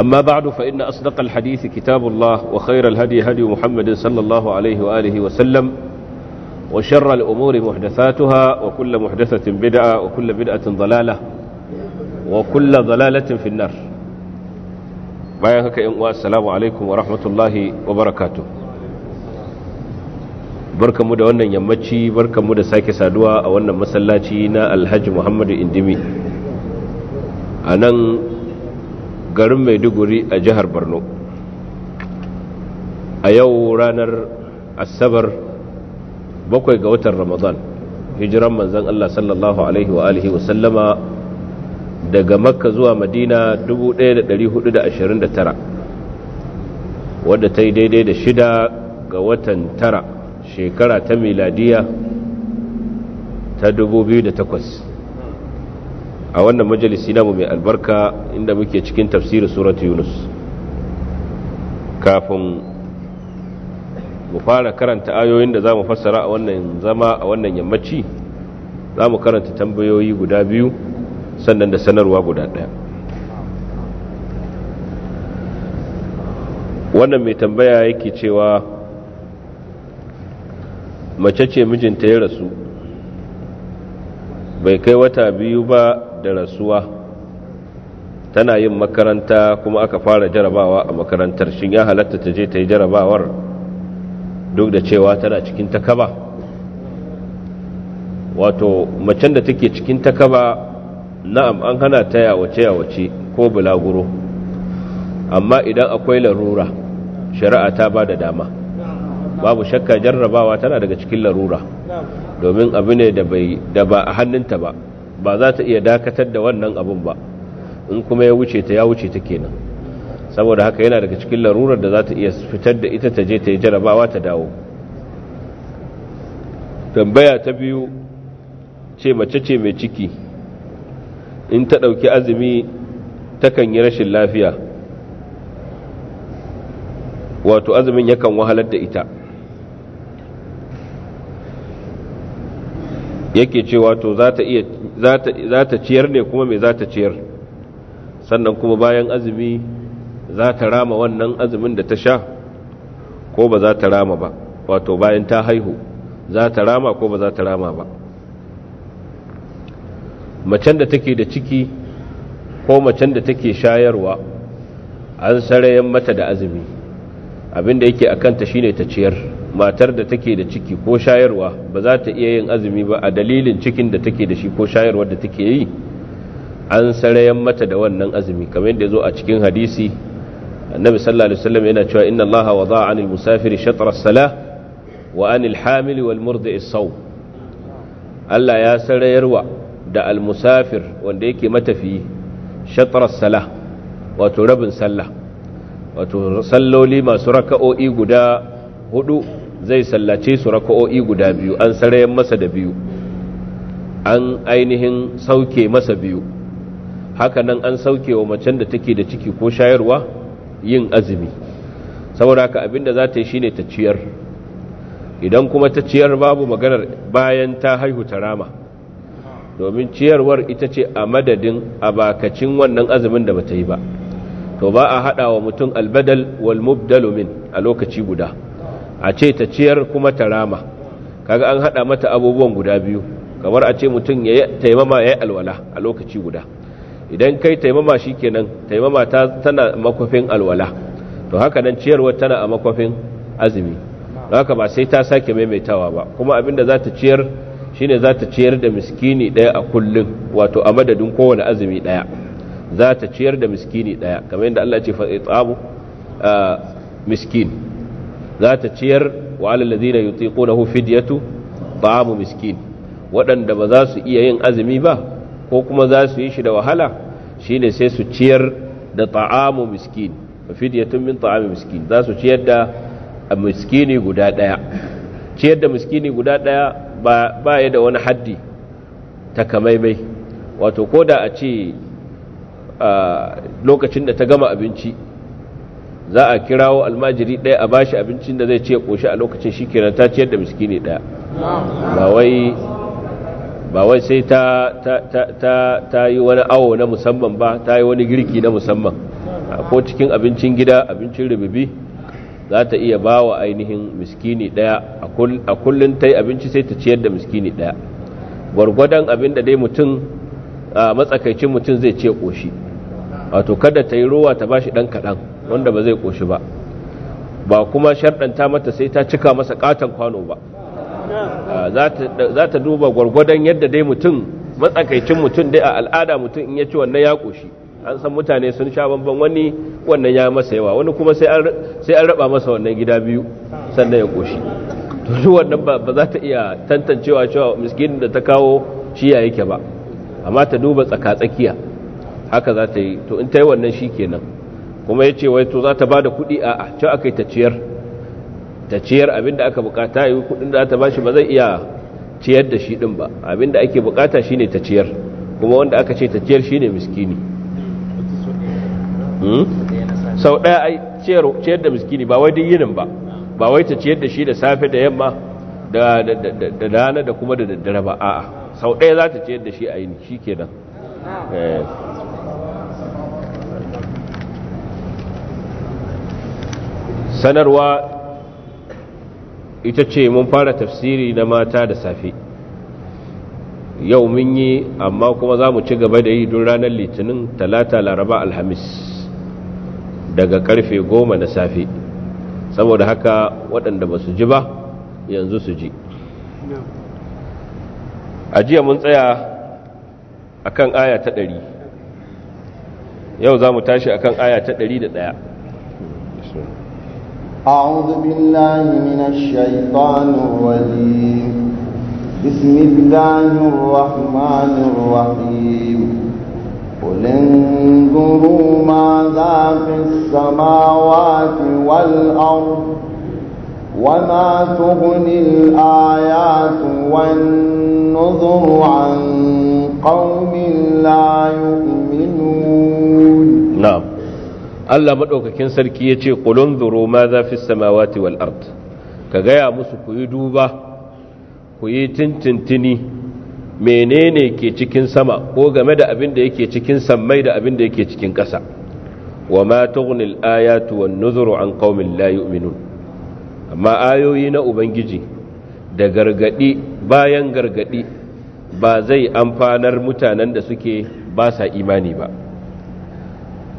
أما بعد فإن أصدق الحديث كتاب الله وخير الهدي هدي محمد صلى الله عليه وآله وسلم وشر الأمور محدثاتها وكل محدثة بدعة وكل بدعة ضلالة وكل ضلالة في النار بايهك إن السلام عليكم ورحمة الله وبركاته barka mu da wannan yammaci barka mu da sake saduwa a wannan masallaci na alhaji muhammadu indimi a nan garin maiduguri a jihar borno a yau ranar asabar bakwai ga watan ramadan hijiran manzan allah sallallahu alaihi wa alihi wasallama daga makka zuwa madina 1429 wadda ta yi daidai da shida ga watan tara shekara ta miladiya ta 2008 a wannan majalisi namu mai albarka inda muke cikin tafsirin suratu yunus kafin mu fara karanta ayoyin da za mu fassara a wannan zama a wannan yammaci za mu karanta tambayoyi guda biyu sannan da sanarwa guda ɗaya wannan mai tambaya yake cewa mace ce mijinta ya rasu bai kai wata biyu ba da rasuwa tana yin makaranta kuma aka fara jarabawa a makarantar shin ya halatta ta je ta yi jarabawar duk da cewa tana cikin takaba wato macen da take cikin takaba na'am an hana ta yawace yawace ko bulaguro amma idan akwai larura shari'a ta ba da dama babu shakka jarrabawa tana daga cikin larura domin abu ne da ba a hannunta ba ba za ta iya dakatar da wannan abun ba in kuma ya wuce ta ya wuce ta kenan saboda haka yana daga cikin larurar da za ta iya fitar da ita ta je ta yi jarabawa ta dawo tambaya ta biyu ce mace ce mai ciki in ta ɗauki azumi takan yi rashin lafiya wato azumin yakan wahalar da ita yake ce wato za ta iya za ta ciyar ne kuma mai za ta ciyar sannan kuma bayan azumi za ta rama wannan azumin da ta sha ko ba za ta rama ba wato bayan ta haihu za ta rama ko ba za ta rama ba macen da take da ciki ko macen da take shayarwa an sarayen mata da azumi abinda yake a kanta shine ta ciyar matar da take da ciki ko shayarwa ba za ta iya yin azumi ba a dalilin cikin da take da shi ko shayarwar da take yi an sarayen mata da wannan azumi kamar yadda zo a cikin hadisi annabi sallallahu alaihi wasallam yana cewa inna allaha wada'a 'anil musafiri shatr as-salah wa 'anil hamil wal murdi saw Allah ya sarayarwa da al-musafir wanda yake matafiyi shatr as-salah wato rabin sallah wato salloli masu raka'o'i guda hudu zai sallace su raka'o'i guda biyu an sarayen masa da biyu an ainihin sauke masa biyu hakanan an sauke wa macen da take da ciki ko shayarwa yin azumi saboda haka da za ta yi shine ta ciyar idan kuma ta ciyar babu maganar bayan ta haihu ta rama domin ciyarwar ita ce a madadin a bakacin wannan azumin da bata yi ba to ba a hada wa mutum albadal wal mubdalumin a lokaci guda a ce ta ciyar kuma ta rama kaga an hada mata abubuwan guda biyu kamar a ce mutum ya taimama ya yi alwala a lokaci guda idan kai taimama shi kenan taimama tana makwafin alwala to haka nan ciyarwar tana a makwafin azumi don haka ba sai ta sake maimaitawa ba kuma abinda za ta ciyar shine za ta ciyar da miskini daya a kullum wato a madadin kowane azumi daya za ta ciyar da miskini daya kamar yadda Allah ce fa za ta ciyar wa alal ladina tu ba mu miskin waɗanda ba za su iya yin azumi ba ko kuma za su yi shi da wahala shi ne sai su ciyar da ta'amu miskin tun min ta'amu miskin za su ciyar da miskini guda ɗaya ciyar da miskini guda ɗaya ba ya da wani haddi takamaimai wato ko da a ce lokacin da ta gama abinci za a kirawo almajiri ɗaya a bashi abincin da zai ce ƙoshi a lokacin shi kenan ta ciyar da miskini ɗaya ba wai sai ta yi wani awo na musamman ba ta yi wani girki na musamman ko cikin abincin gida abincin rububi za ta iya ba wa ainihin miskini ɗaya a kullum ta yi abinci sai ta ciyar da miskini ɗaya gwargwadon abin da dai mutum a matsakaicin mutum zai ce ƙoshi wato kada ta yi ruwa ta ba shi ɗan kaɗan wanda ba zai koshi ba ba kuma sharɗanta mata sai ta cika masa katon kwano ba ah, za ta duba gwargwadon yadda dai mutum matsakaicin mutum dai a al'ada mutum in ya ci wannan ya koshi an san mutane sun sha banban wani wannan ya masa yawa wani kuma sai an raba masa wannan gida biyu sannan ya koshi to wannan ba za ta iya tantancewa cewa miskin da ta kawo shi ya yake ba amma ta duba tsaka-tsakiya haka za ta yi to in ta yi wannan shi kenan kuma ya ce wai to za ta ba da kuɗi a a can aka yi taciyar taciyar abinda aka bukata yi kuɗin da ta ba shi ba zai iya ciyar da shi ɗin ba abinda ake bukata shi ne taciyar kuma wanda aka ce taciyar shi ne miskini hmm? sau ɗaya a ciyar da miskini ba wai duk yinin ba ba wai ta ciyar da shi da safe da yamma da dana da kuma da daddare ba a'a sau ɗaya za ta ciyar da shi a yin shi kenan eh. sanarwa ita ce mun fara tafsiri na mata da safe yau mun yi amma kuma za mu ci gaba da yi don ranar litinin talata laraba alhamis daga karfe goma na safe saboda haka waɗanda ba su ji ba yanzu su ji a jiya mun tsaya akan aya ta ɗari yau za mu tashi akan aya ta ɗari da ɗaya أعوذ بالله من الشيطان الرجيم بسم الله الرحمن الرحيم قل انظروا ماذا في السماوات والأرض وما تغني الآيات والنظر عن قوم لا يؤمنون Allah maɗaukakin sarki ya ce ƙulun ma za fi samawati wal ard ka gaya musu ku yi duba ku yi tintintini menene ke cikin sama ko game da abin da yake cikin sammai da abin da yake cikin ƙasa wa ma tughnil ayatu wan nuzuru an qaumin la yu'minun amma ayoyi na ubangiji da gargadi bayan gargadi ba zai amfanar mutanen da suke ba sa imani ba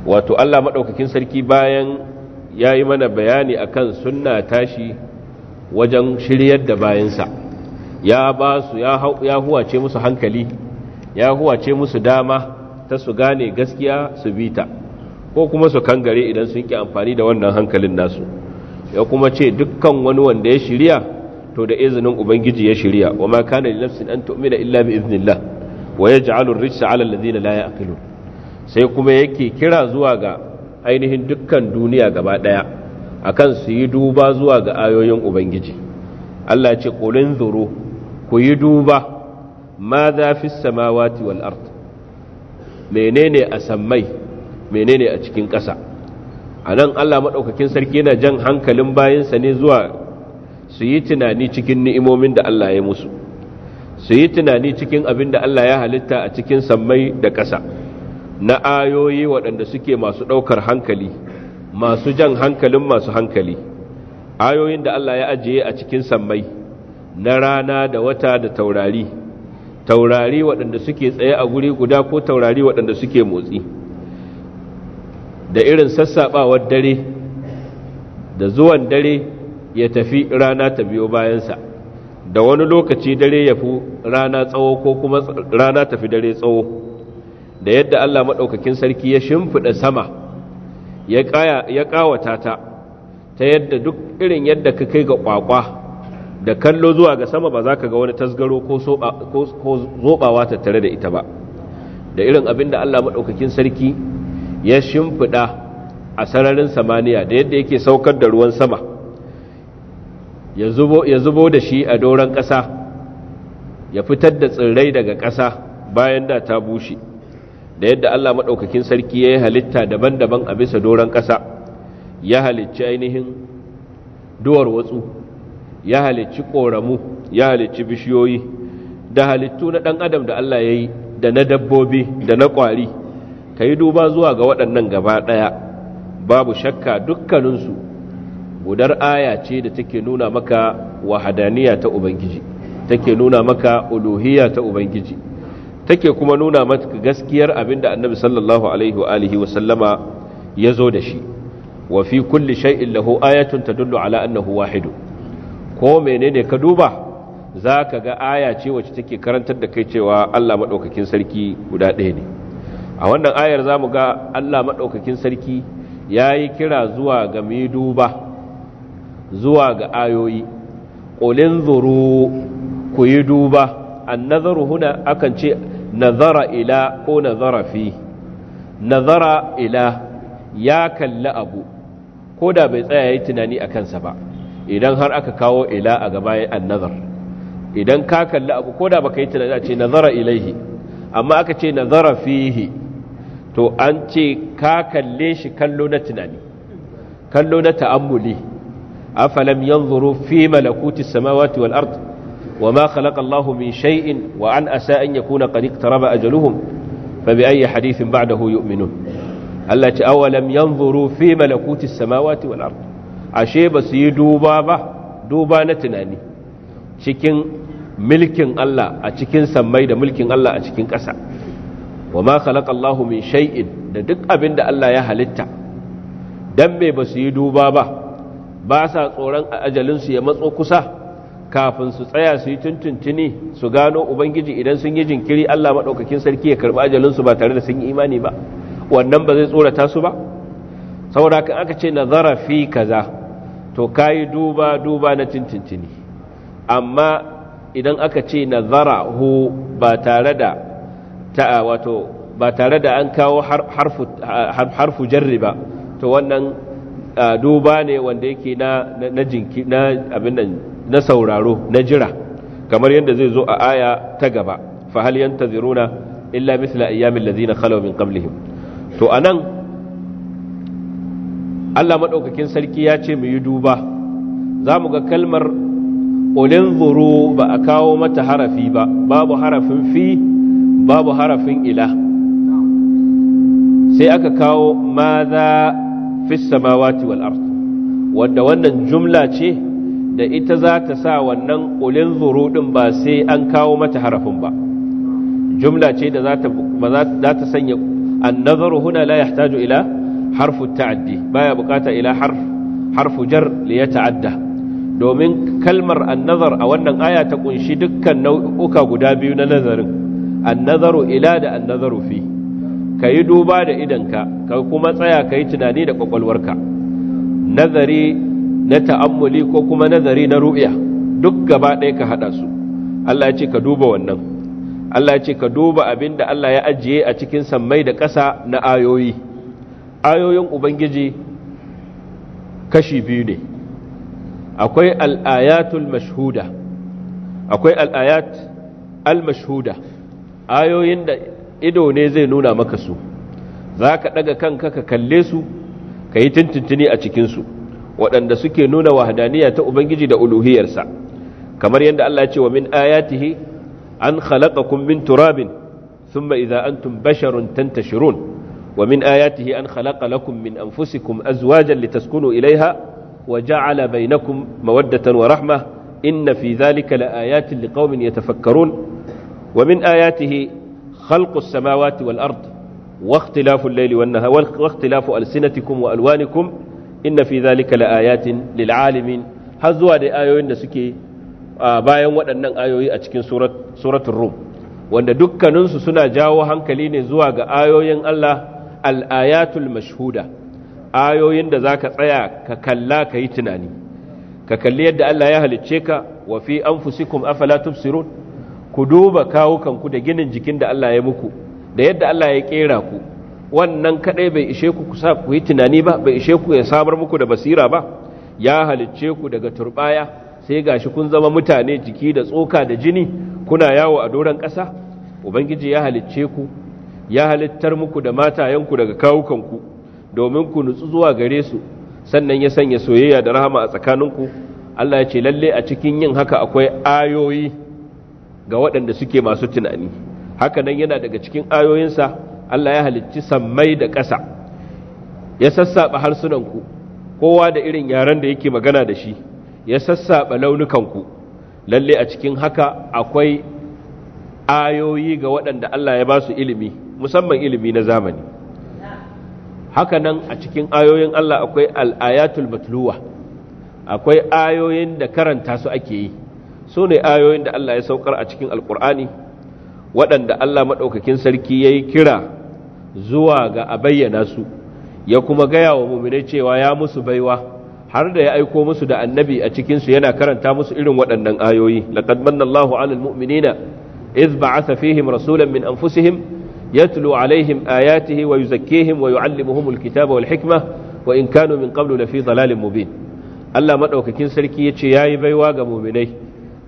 wato Allah maɗaukakin sarki bayan ya yi mana bayani akan sunna tashi wajen shiryar da bayansa ya ba su ya huwace musu hankali ya huwace musu dama ta su gane gaskiya su bita ko kuma su kangare idan sun ki amfani da wannan hankalin nasu ya kuma ce dukkan wani wanda ya shirya to da izinin ubangiji ya shirya wa ma kana li nafsin an tu'mina illa bi idnillah wa yaj'alu ar-rijsa 'ala alladhina la ya'qilun sai kuma yake kira zuwa ga ainihin dukkan duniya gaba ɗaya kan su yi duba zuwa ga ayoyin ubangiji Allah ce qulin zoro ku yi duba ma za fi samawati wal Mene menene a sammai menene a cikin ƙasa A nan Allah maɗaukakin sarki yana jan hankalin bayansa ne zuwa su yi tunani cikin ni'imomin da Allah ya musu su yi tunani cikin abin da Allah ya halitta a cikin sammai da ƙasa na ayoyi waɗanda suke masu ɗaukar hankali masu jan hankalin masu hankali ayoyin da Allah ya ajiye a cikin sammai na rana da wata da taurari taurari waɗanda suke tsaye a guri guda ko taurari waɗanda suke motsi da irin sassaɓawar dare da zuwan dare ya tafi rana ta biyo bayansa da wani lokaci dare ya fi rana tsawo ko kuma rana tafi dare tsawo da yadda Allah maɗaukakin sarki ya shimfiɗa sama ya ƙawata ta ta yadda duk irin yadda ka kai ga ƙwaƙwa da kallo zuwa ga sama ba za ka ga wani tasgaro ko zobawa tare da ita ba da irin abin da Allah maɗaukakin sarki ya shimfiɗa a sararin samaniya da yadda yake saukar da ruwan sama ya zubo da shi a doron ƙasa ya fitar da tsirrai daga ƙasa bayan da ta bushe da yadda Allah maɗaukakin sarki ya yi halitta daban-daban a bisa doron ƙasa ya halicci ainihin duwar watsu ya halicci ƙoramu ya halicci bishiyoyi da halittu na ɗan adam da Allah ya yi da na dabbobi da na ƙwari ka yi duba zuwa ga waɗannan gaba ɗaya babu shakka dukkaninsu gudar aya ce da take nuna maka wahadaniya ta ubangiji take nuna maka uluhiya ta ubangiji take kuma nuna mata gaskiyar abinda annabi sallallahu alaihi wa alihi wa sallama ya zo da shi wa fi kulli shay'in lahu ayatun tadullu ala annahu wahidu ko menene ka duba zaka ga aya ce wacce take karantar da kai cewa Allah madaukakin sarki guda ɗaya ne a wannan ayar zamu ga Allah madaukakin sarki yayi kira zuwa ga mai duba zuwa ga ayoyi qulin ku yi duba annazaru huna akan ce nazara ila ko nazara fi nazara ila ya kalli abu ko da bai tsaya yi tunani a kansa ba idan har aka kawo ila a gabayin annazar idan ka kalli abu ko da baka yi tunani a ce nazara ilaihi amma aka ce nazara fihi to an ce ka kalle shi kallo na tunani kallo na ta'ammuli afalam yanzuru malakuti samawati wal ardh وما خلق الله من شيء وعن أسى أن يكون قد اقترب أجلهم فبأي حديث بعده يؤمنون التي أولم ينظروا في ملكوت السماوات والأرض ashe ba su yi duba ba duba na tunani cikin milkin Allah a cikin sammai da mulkin Allah a cikin ƙasa wa ma khalaqallahu min shay'in da duk abin da Allah ya halitta dan me ba su duba ba ba sa tsoron ajalin su ya matso kusa kafin su tsaya su yi tuntuntuni su gano ubangiji idan sun yi jinkiri Allah maɗaukakin sarki ya karɓi ajalinsu ba tare da sun yi imani ba wannan ba zai tsorata su ba saboda kan aka ce nazara fi kaza to kayi duba duba na tuntuntuni amma idan aka ce nazara hu ba tare da ta wato ba tare da an kawo harfu jarri ba to wannan duba ne wanda yake na na abin nan na sauraro na jira kamar yadda zai zo a aya ta gaba fa hal yantaziruna illa mithla ayyamin ladzina khalaw min qablihim to anan Allah madaukakin sarki ya ce mu yi duba za mu ga kalmar ulin ba a kawo mata harafi ba babu harafin fi babu harafin ila sai aka kawo maza za fi samawati wal ard wanda wannan jumla ce da ita za ta sa wannan ƙulin zuruɗin ba sai an kawo mata harafin ba jumla ce da za ta sanya nazaru huna la yahtaju ila harfu ta'addi baya bukata ila harfu jar li ya ta'adda domin kalmar annazar a wannan aya ta kunshi dukkan nau'uka guda biyu na nazarin annazaru ila da annazaru fi kayi duba da idanka ka kuma tsaya kayi tunani da ƙwaƙwalwarka nazari na ta'ammuli ko kuma nazari na ru'ya duk gaba ɗaya ka haɗa su Allah ya ce ka duba wannan Allah ya ce ka duba abinda Allah ya ajiye a cikin sammai da ƙasa na ayoyi ayoyin ubangiji kashi biyu ne akwai al'ayatul mashhuda akwai al'ayat al-mashhuda ayoyin da ido ne zai nuna maka su za ka ɗaga kanka ka kalle su ka yi tuntuntuni a cikinsu waɗanda suke nuna wahadaniya ta ubangiji da uluhiyarsa kamar yadda Allah ya ce wa min ayatihi an khalaqakum min turabin thumma idza antum basharun tantashirun wa min ayatihi an khalaqa lakum min anfusikum azwajan litaskunu ilayha wa ja'ala bainakum mawaddatan wa rahmah inna fi dhalika laayatin liqaumin yatafakkarun wa min ayatihi khalqus samawati wal ard واختلاف الليل والنهار واختلاف ألسنتكم وألوانكم inna fi zalika laayatin lil alamin har zuwa da ayoyin da suke bayan waɗannan ayoyi a cikin suratul rum wanda dukkaninsu suna jawo hankali ne zuwa ga ayoyin Allah al-ayatul mashhuda ayoyin da zaka tsaya ka kalla ka yi tunani ka kalli yadda Allah ya halicce ka wa fi anfusikum afala tubsirun ku duba kawukanku da ginin jikin da Allah ya muku da yadda Allah ya kera ku wannan kadai bai ishe ku kusa ku yi tunani ba bai ishe ku ya samar muku da basira ba ya halicce ku daga turbaya sai gashi kun zama mutane jiki da tsoka da jini kuna yawo a doron ƙasa ubangiji ya halicce ku ya halittar muku da matayenku daga kawukan ku? domin ku nutsu zuwa gare su sannan ya sanya soyayya da rahama a tsakaninku Allah ya ce lalle a cikin yin haka akwai ayoyi ga waɗanda suke masu tunani haka nan yana daga cikin ayoyinsa Allah ya halicci sammai da ƙasa ya sassaɓa harsunanku kowa da irin yaren da yake magana da shi ya sassaɓa launukanku lalle a cikin haka akwai ayoyi ga waɗanda Allah ya ba su ilimi musamman ilimi na zamani haka nan a cikin ayoyin Allah akwai al'ayatul matluwa akwai ayoyin da karanta su ake yi su ne ayoyin da Allah ya saukar a cikin alƙur'ani waɗanda Allah maɗaukakin sarki ya yi kira zuwa ga a bayyana su ya kuma gaya wa muminai cewa ya musu baiwa har da ya aiko musu da annabi a cikinsu yana karanta musu irin waɗannan ayoyi laqad manna Allahu 'alal mu'minina idh ba'atha fihim rasulan min anfusihim yatlu alaihim ayatihi wa yuzakkihim wa yu'allimuhumul kitaba wal hikma wa in kanu min qablu lafi dhalalin mubin Allah madaukakin sarki yace yayi baiwa ga muminai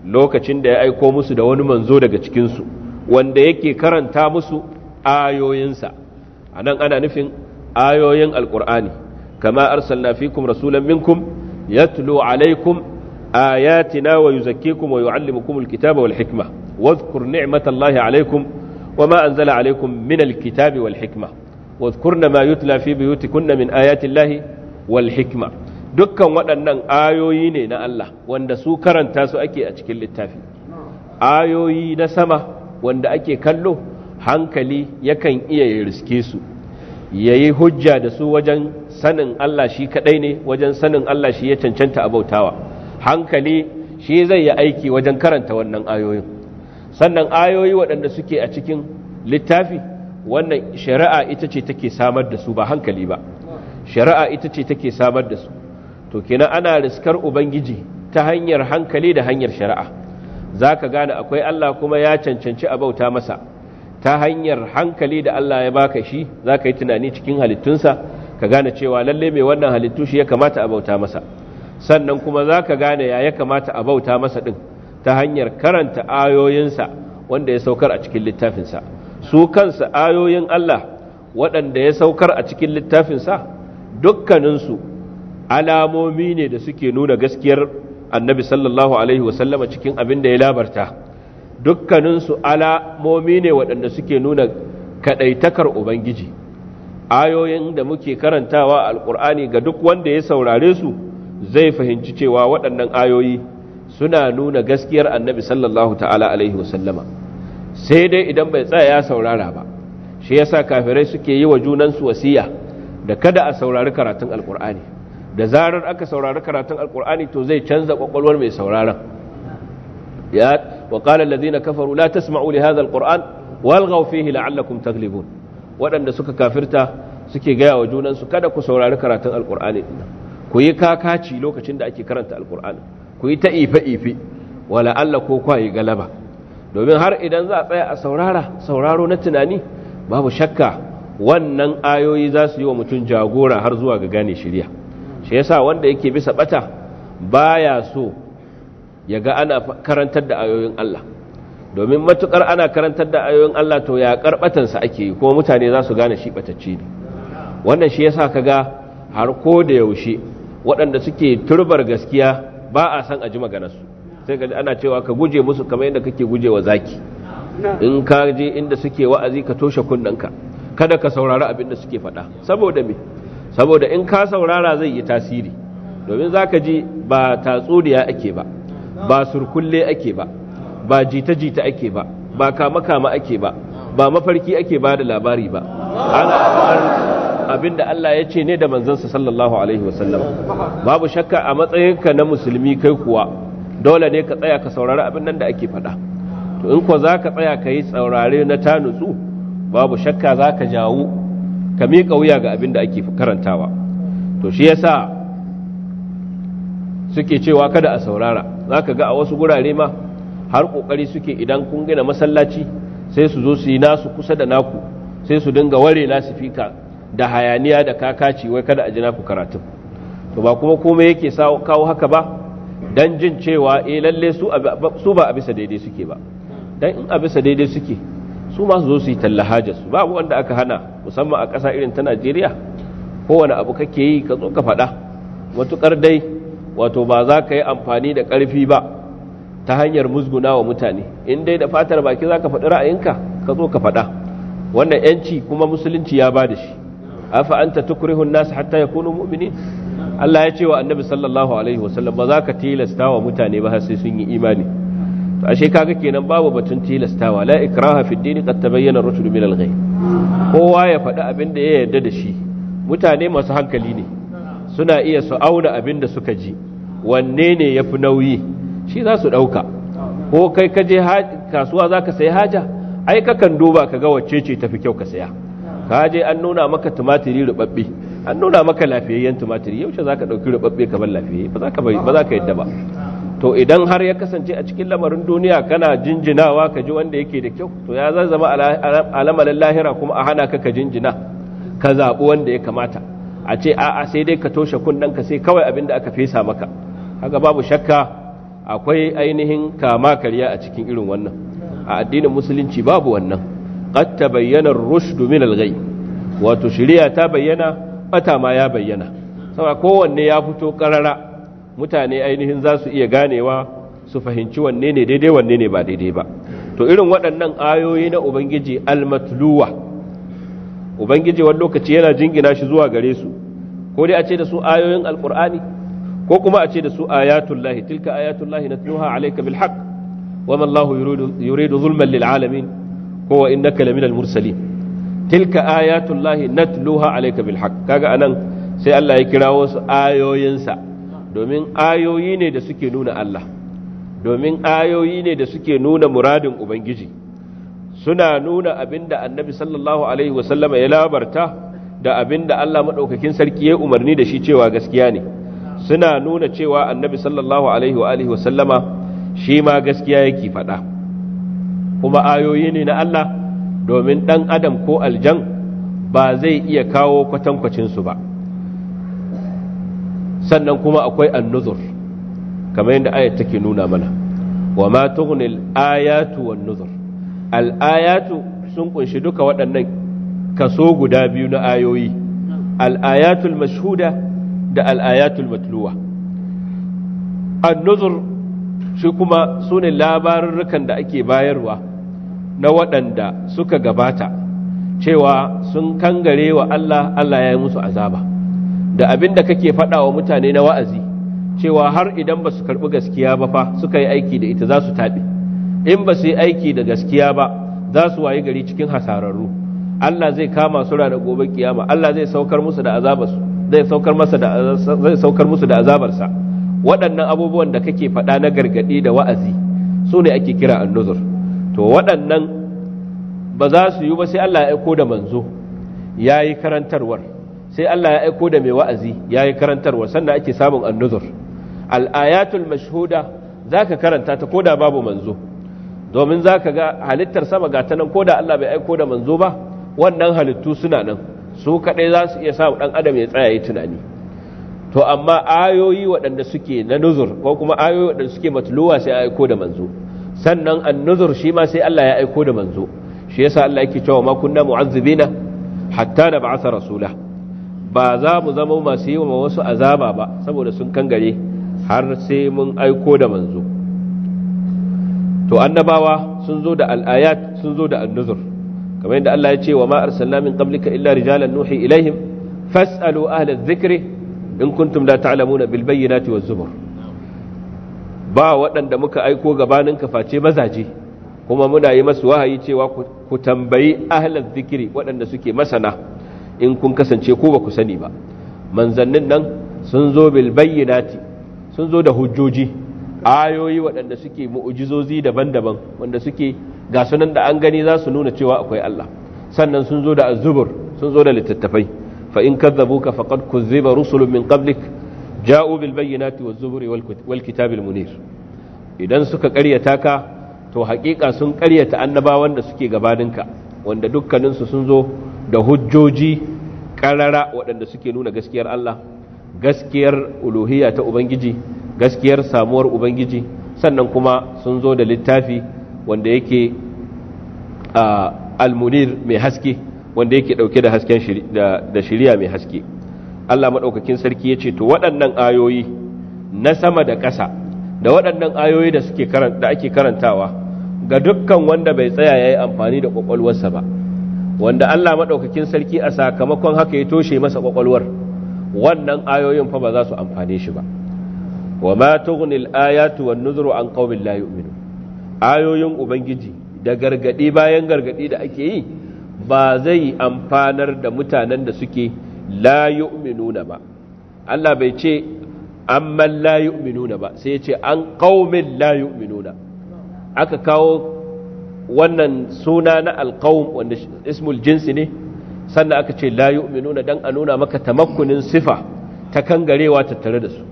lokacin da ya aiko musu da wani manzo daga cikinsu wanda yake karanta musu ayoyinsa a nan ana nufin ayoyin alkur'ani kama arsalna fikum rasulan minkum yatlu alaikum ayatina wa yuzakkikum wa yuallimukum alkitaba wal hikma واذكر نعمة الله عليكم وما أنزل عليكم من الكتاب والحكمة واذكرن ما يتلى في بيوتكن min آيات الله والحكمة dukkan waɗannan ayoyi ne na Allah wanda su karanta su ake a cikin littafi ayoyi na sama wanda ake kallo hankali yakan iya ya riske su ya yi hujja da su wajen sanin Allah shi kaɗai ne wajen sanin Allah shi ya cancanta a bautawa hankali shi zai yi aiki wajen karanta wannan ayoyin sannan ayoyi waɗanda suke a cikin littafi wannan shari'a ita ce take samar da su ba hankali ba shari'a ita ce take samar da su to kenan ana riskar ubangiji ta hanyar hankali da hanyar shari'a za ka gane akwai Allah kuma ya cancanci a bauta masa ta hanyar hankali da Allah ya baka shi za ka yi tunani cikin halittunsa ka gane cewa lalle mai wannan halittu shi ya kamata a bauta masa sannan kuma za ka gane ya ya kamata a bauta masa ɗin ta hanyar karanta ayoyinsa wanda ya saukar a cikin littafinsa su kansa ayoyin Allah waɗanda ya saukar a cikin littafinsa dukkaninsu alamomi ne da suke nuna gaskiyar annabi sallallahu alaihi wasallama cikin abin da ya labarta dukkaninsu alamomi ne waɗanda suke nuna kaɗaitakar ubangiji ayoyin da muke karantawa alkur'ani ga duk wanda ya saurare su zai fahimci cewa waɗannan ayoyi suna nuna gaskiyar annabi sallallahu ta'ala alaihi wasallama sai dai idan bai tsaya ya saurara ba shi yasa kafirai suke yi wa junansu wasiya da kada a saurari karatun alkur'ani da zarar aka saurari karatun alkur'ani to zai canza ƙwaƙwalwar mai sauraron ya wa qala allazina kafaru la tasma'u li hadha alquran walghaw fihi la'allakum taglibun waɗanda suka kafirta suke gaya wa junansu kada ku saurari karatun alqur'ani Kuyi ku yi kakaci lokacin da ake karanta alqur'ani kuyi ta ife ife wa la'alla ko kwaye galaba domin har idan za a tsaya a saurara sauraro na tunani babu shakka wannan ayoyi za su yi wa mutum jagora har zuwa ga gane shirya shi yasa wanda yake bisa ɓata baya so ya ga ana karantar da ayoyin Allah domin matukar ana karantar da ayoyin Allah to ya karbatansa ake yi kuma mutane za su gane shi batacce ne wannan shi yasa ga har ko da yaushe waɗanda suke turbar gaskiya ba a san a ji maganarsu sai ka ana cewa ka guje musu kamar yadda kake guje wa zaki in ka je inda suke wa'azi ka toshe ka, kada ka saurari abin da suke faɗa saboda me saboda in ka saurara zai yi tasiri domin zaka ji ba tatsuriya ake ba ba surkulle ake ba ba jita-jita ake ba ba kama-kama ake ba ba mafarki ake ba da labari ba ana abinda Allah ya ce ne da manzansa sallallahu alaihi wasallam babu shakka a matsayinka na musulmi kai kuwa dole ne ka tsaya ka saurari abin nan da ake faɗa to in ko za ka tsaya ka yi saurare na tanutsu babu shakka za ka jawo ka miƙa wuya ga abin da ake karantawa to shi yasa suke cewa kada a saurara za ka ga a wasu gurare ma har ƙoƙari suke idan kun gina masallaci sai su zo su yi nasu kusa da naku sai su dinga ware lasifika da hayaniya da kakaci wai kada a ji naku karatun to ba kuma komai yake kawo haka ba don jin cewa e lalle su ba a bisa daidai suke ba don in a bisa daidai suke su masu zo su yi talla su babu wanda aka hana musamman a ƙasa irin ta najeriya kowane abu kake yi ka zo ka faɗa matuƙar dai wato ba za ka yi amfani da ƙarfi ba ta hanyar musguna wa mutane in dai da fatar baki za ka faɗi ra'ayinka ka zo ka faɗa wannan yanci kuma musulunci ya ba da shi afa anta tukrihun nasu hatta kunu mu'minin Allah ya ce wa annabi sallallahu alaihi wasallam ba za ka tilasta wa mutane ba har sai sun yi imani to ashe kaga kenan babu batun tilastawa la ikraha fi dini qad tabayyana min al kowa ya faɗi abin da ya yarda da shi mutane masu hankali ne suna iya su auna abin da suka ji wanne ne ya fi nauyi shi za su ɗauka ko kai ka je kasuwa za ka sayi haja ai kakan duba ka ga wacce ce tafi kyau ka saya ka je an nuna maka tumatiri rubabbe an nuna maka lafiyayyen tumatiri yaushe za ka ɗauki rubabbe kamar lafiyayye ba za ka yadda ba to idan har ya kasance a cikin lamarin duniya kana jinjinawa ka ji wanda yake da kyau to ya zama alamarin lahira kuma a hana ka ka jinjina ka zaɓi wanda ya kamata a ce a'a sai dai ka toshe ka sai kawai abin da aka fesa maka haka babu shakka akwai ainihin kama karya a cikin irin wannan a addinin musulunci babu wannan qad tabayyana ar-rushd min al-ghay wato shari'a ta bayyana bata ma ya bayyana saboda kowanne ya fito karara mutane ainihin za su iya ganewa su fahimci wanne ne daidai wanne ne ba daidai ba to irin waɗannan ayoyi na ubangiji al-matluwa ubangiji wani lokaci yana jingina shi zuwa gare su ko dai a ce da su ayoyin alqur'ani ko kuma a ce da su ayatullahi tilka ayatullahi natluha alayka bil haqq wama Allahu yuridu yuridu zulman lil alamin ko wa innaka laminal mursalin tilka ayatullahi natluha alayka bil haqq kaga anan sai Allah ya kirawo su sa domin ayoyi ne da suke nuna Allah domin ayoyi ne da suke nuna muradin ubangiji suna nuna abinda annabi sallallahu alaihi wasallama ya labarta da abinda Allah madaukakin sarki ya umarni da shi cewa gaskiya ne suna nuna cewa annabi sallallahu alaihi wa alihi wasallama shi ma gaskiya yake faɗa kuma ayoyi ne na Allah domin ɗan adam ko aljan ba zai iya kawo kwatankwacin su ba sannan kuma akwai annuzur kamar yadda ayat take nuna mana wa ma tughnil ayatu wan nuzur al'ayatu sun kunshi duka waɗannan kaso guda biyu na ayoyi al'ayatul mashuda da al'ayatul matluwa annuzur shi kuma su ne labarurrukan da ake bayarwa na waɗanda suka gabata cewa sun kangare wa Allah Allah ya yi musu azaba da abin da kake faɗa wa mutane na wa'azi cewa har idan ba su karɓi gaskiya ba fa suka yi aiki da ita za su taɓe in ba su yi aiki da gaskiya ba za su wayi gari cikin hasararru Allah zai kama su da gobe kiyama Allah zai saukar musu da su zai saukar masa da zai saukar musu da azabarsa waɗannan abubuwan da kake faɗa na gargaɗi da wa'azi su ne ake kira annuzur to waɗannan ba za su yi ba sai Allah ya aiko da manzo ya karantarwar sai Allah ya aiko da mai wa'azi yayi yi karantarwar sannan ake samun annuzur al'ayatul mashhuda zaka karanta ta koda babu manzo domin za ka ga halittar sama ga ta nan ko da Allah bai aiko da manzo ba wannan halittu suna nan su kaɗai za su iya sa dan adam ya tsaya yi tunani to amma ayoyi waɗanda suke na nuzur ko kuma ayoyi waɗanda suke matuluwa sai aiko da manzo sannan an nuzur shi ma sai Allah ya aiko da manzo shi yasa Allah yake cewa ma kunna mu'azzibina hatta na ba'asa rasula ba za mu zama masu yi wa wasu azaba ba saboda sun kangare har sai mun aiko da manzo to annabawa sun zo da al'ayat sun zo da annuzur kamar yadda Allah ya ce wa ma arsalna min qablika illa rijalan nuhi ilaihim fas'alu ahla dhikri in kuntum la ta'lamuna bil bayyinati waz zubur ba waɗanda muka aiko gabanin ka face mazaje kuma muna yi masu wahayi cewa ku tambayi ahla dhikri waɗanda suke masana in kun kasance ko ba ku sani ba manzannin nan sun zo bil bayyinati sun zo da hujjoji ayoyi waɗanda suke mu'ujizozi daban-daban wanda suke ga sunan da an gani za su nuna cewa akwai Allah sannan sun zo da azubur sun zo da littattafai fa in kadzabuka faqad kuzziba rusulun min qablik ja'u bil bayyinati waz zuburi wal kitabil munir idan suka ƙaryata ka to haƙiƙa sun ƙaryata annabawan da suke gabaninka wanda dukkaninsu sun zo da hujjoji ƙarara waɗanda suke nuna gaskiyar Allah gaskiyar uluhiyya ta ubangiji gaskiyar samuwar ubangiji sannan kuma sun zo da littafi wanda yake almunir mai haske wanda yake dauke da hasken da shiriya mai haske Allah maɗaukakin sarki ya ce to waɗannan ayoyi na sama da ƙasa da waɗannan ayoyi da suke da ake karantawa ga dukkan wanda bai tsaya ya yi amfani da ƙwaƙwalwarsa ba wanda Allah maɗaukakin sarki a sakamakon haka ya toshe masa ƙwaƙwalwar wannan ayoyin fa ba za su amfane shi ba wa ma tughni al-ayatu wan nuzuru an qawmin la yu'minu ayoyin ubangiji da gargadi bayan gargadi da ake yi ba zai amfanar da mutanen da suke la yu'minuna ba Allah bai ce amman la yu'minuna ba sai ya ce an qawmin la yu'minuna aka kawo wannan suna na alqaum wanda ismul jinsi ne sannan aka ce la yu'minuna dan a nuna maka tamakkunin sifa ta kangarewa tattare da su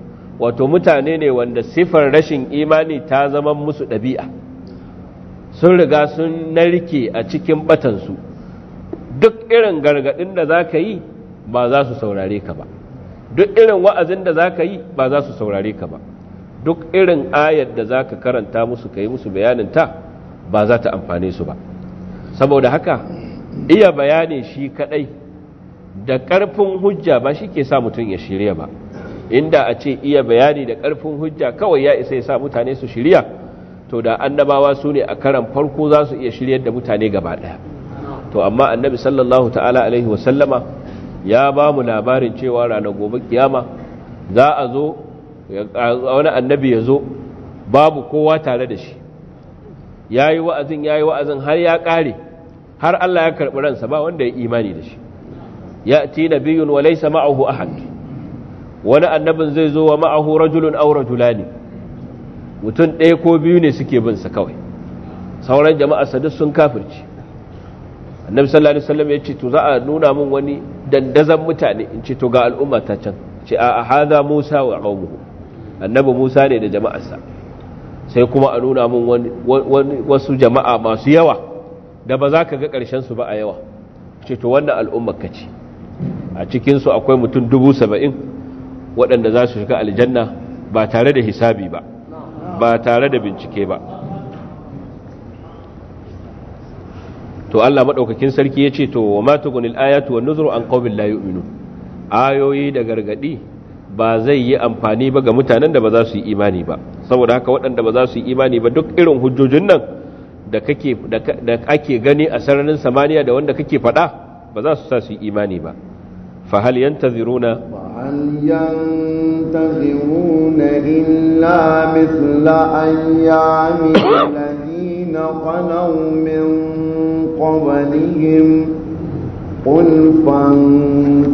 wato mutane ne wanda sifar rashin imani ta zama musu ɗabi'a sun riga sun narke a cikin batansu duk irin gargaɗin da za ka yi ba za su saurare ka ba duk irin wa'azin da za ka yi ba za su saurare ka ba duk irin ayar da za ka karanta musu ka yi musu bayaninta ba za ta amfane su ba saboda haka iya bayani shi kaɗai da ƙarfin hujja ba shi ke sa mutum ya shirya ba inda a ce iya bayani da ƙarfin hujja kawai ya isa ya sa mutane su shirya to da annabawa su ne a karan farko za su iya shiryar da mutane gaba ɗaya to amma annabi sallallahu ta'ala alaihi wasallama ya ba mu labarin cewa ranar gobe kiyama za a zo wani annabi ya zo babu kowa tare da shi ya yi wa'azin ya yi wa'azin har ya ƙare har Allah ya karɓi ransa ba wanda ya imani da shi ya ti na biyun walai sama'ahu hannu. wani annabin zai zo wa ma'ahu rajulun aw rajulani mutum ɗaya ko biyu ne suke bin sa kawai sauran jama'a sa duk sun kafirci annabi sallallahu alaihi wasallam ya ce to za a nuna min wani dandazan mutane in ce to ga al'umma ta can ce a hadha Musa wa qaumuhu annabi Musa ne da jama'arsa sai kuma a nuna min wani wasu jama'a masu yawa da ba za ka ga ƙarshen su ba a yawa ce to wannan al'ummar ka ce a cikin su akwai mutum dubu saba'in waɗanda za su shiga aljanna ba tare da hisabi ba ba tare da bincike ba to Allah maɗaukakin sarki ce to wa ma tugunil ayatu wan nuzru an qaumin la yu'minun ayoyi da gargadi ba zai yi amfani ba ga mutanen da ba za su yi imani ba saboda haka waɗanda ba za su yi imani ba duk irin hujjojin nan da kake da ake gani a sararin samaniya da wanda kake faɗa ba za su sa su yi imani ba fa hal yantaziruna هل ينتظرون إلا مثل أيام الذين خلوا من قبلهم قل فانتظروا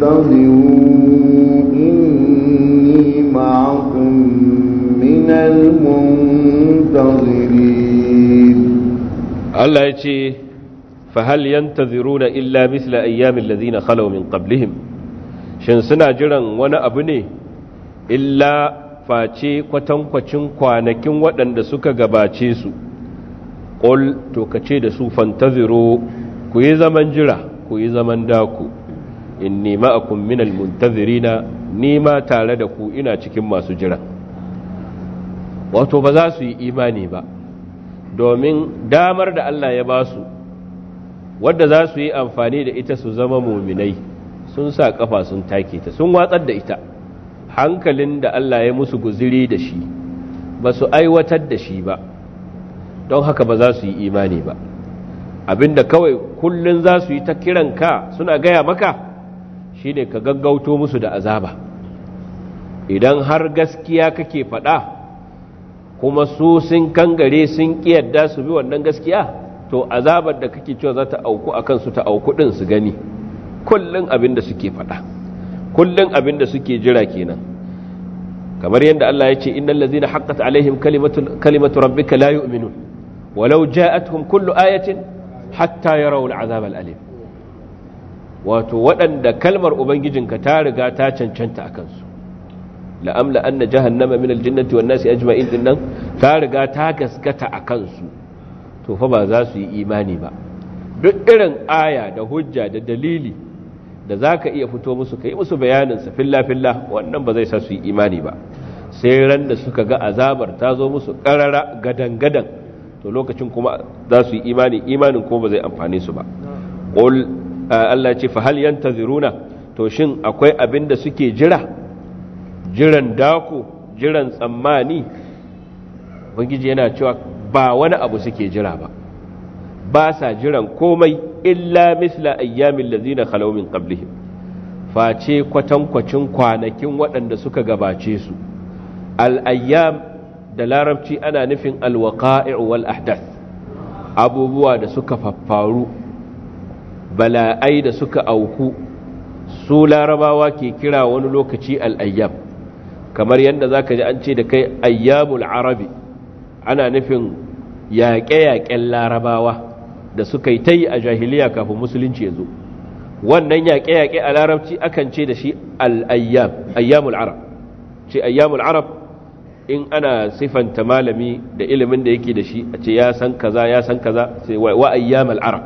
إني معكم من المنتظرين الله يتي فهل ينتظرون إلا مثل أيام الذين خلوا من قبلهم shin suna jiran wani abu ne illa face kwatankwacin kwanakin waɗanda suka gabace su ƙol to kace da su fantaziro ku yi zaman jira ku yi zaman daku in nema a kumminal muntazirina nema tare da ku ina cikin masu jira wato ba za su yi imani ba domin damar da Allah ya ba su wadda za su yi amfani da ita su zama muminai sun sa kafa sun take ta sun watsar da ita hankalin da Allah ya musu guziri da shi ba su aiwatar da shi ba don haka ba za su yi imani ba abinda kawai kullun za su yi ta kiran ka suna gaya maka shine ka gaggauto musu da azaba idan har gaskiya kake faɗa kuma su sun kangare sun ƙiyarda su bi wannan gaskiya to azabar da kake cewa za ta auku akan su ta auku ɗin su gani kullum abin da suke faɗa kullum abin da suke jira kenan kamar yadda Allah ya ce innal ladzina haqqat alaihim kalimatu kalimatu rabbika la yu'minun walau ja'atuhum kullu ayatin hatta yarawu al'azab al'alim wato waɗanda kalmar ubangijinka ta riga ta cancanta a kansu la'amla an jahannama min aljinnati wan nasi ajma'in din nan ta riga ta gaskata a kansu to fa ba za su yi imani ba duk irin aya da hujja da dalili da za ka iya fito musu ka yi musu bayaninsa filla-filla wannan ba zai sa su yi imani ba sai ran da suka ga azabar ta zo musu karara gadan-gadan to lokacin kuma za su yi imani imanin kuma ba zai amfani su ba ƙul Allah ce fa hal ziruna to shin akwai abin da suke jira jiran dako jiran tsammani bangiji yana cewa ba wani abu suke jira ba ba sa jiran komai illa misla ayyamin lazina khalaw min qablihim face kwatankwacin kwanakin waɗanda suka gabace su al-ayyam da larabci ana nufin al-waqa'i' wal ahdath abubuwa da suka faffaru bala'ai da suka auku su larabawa ke kira wani lokaci al-ayyam kamar yadda zaka ji an ce da kai ayyamul arabi ana nufin yaƙe-yaƙen larabawa da suka yi ta yi a jahiliya kafin musulunci ya zo wannan yaƙe-yaƙe a larabci akan ce da shi al'ayyam ayyamul arab ce ayyamul arab in ana sifanta malami da ilimin da yake da shi a ce ya san kaza ya san kaza sai wa ayyamul arab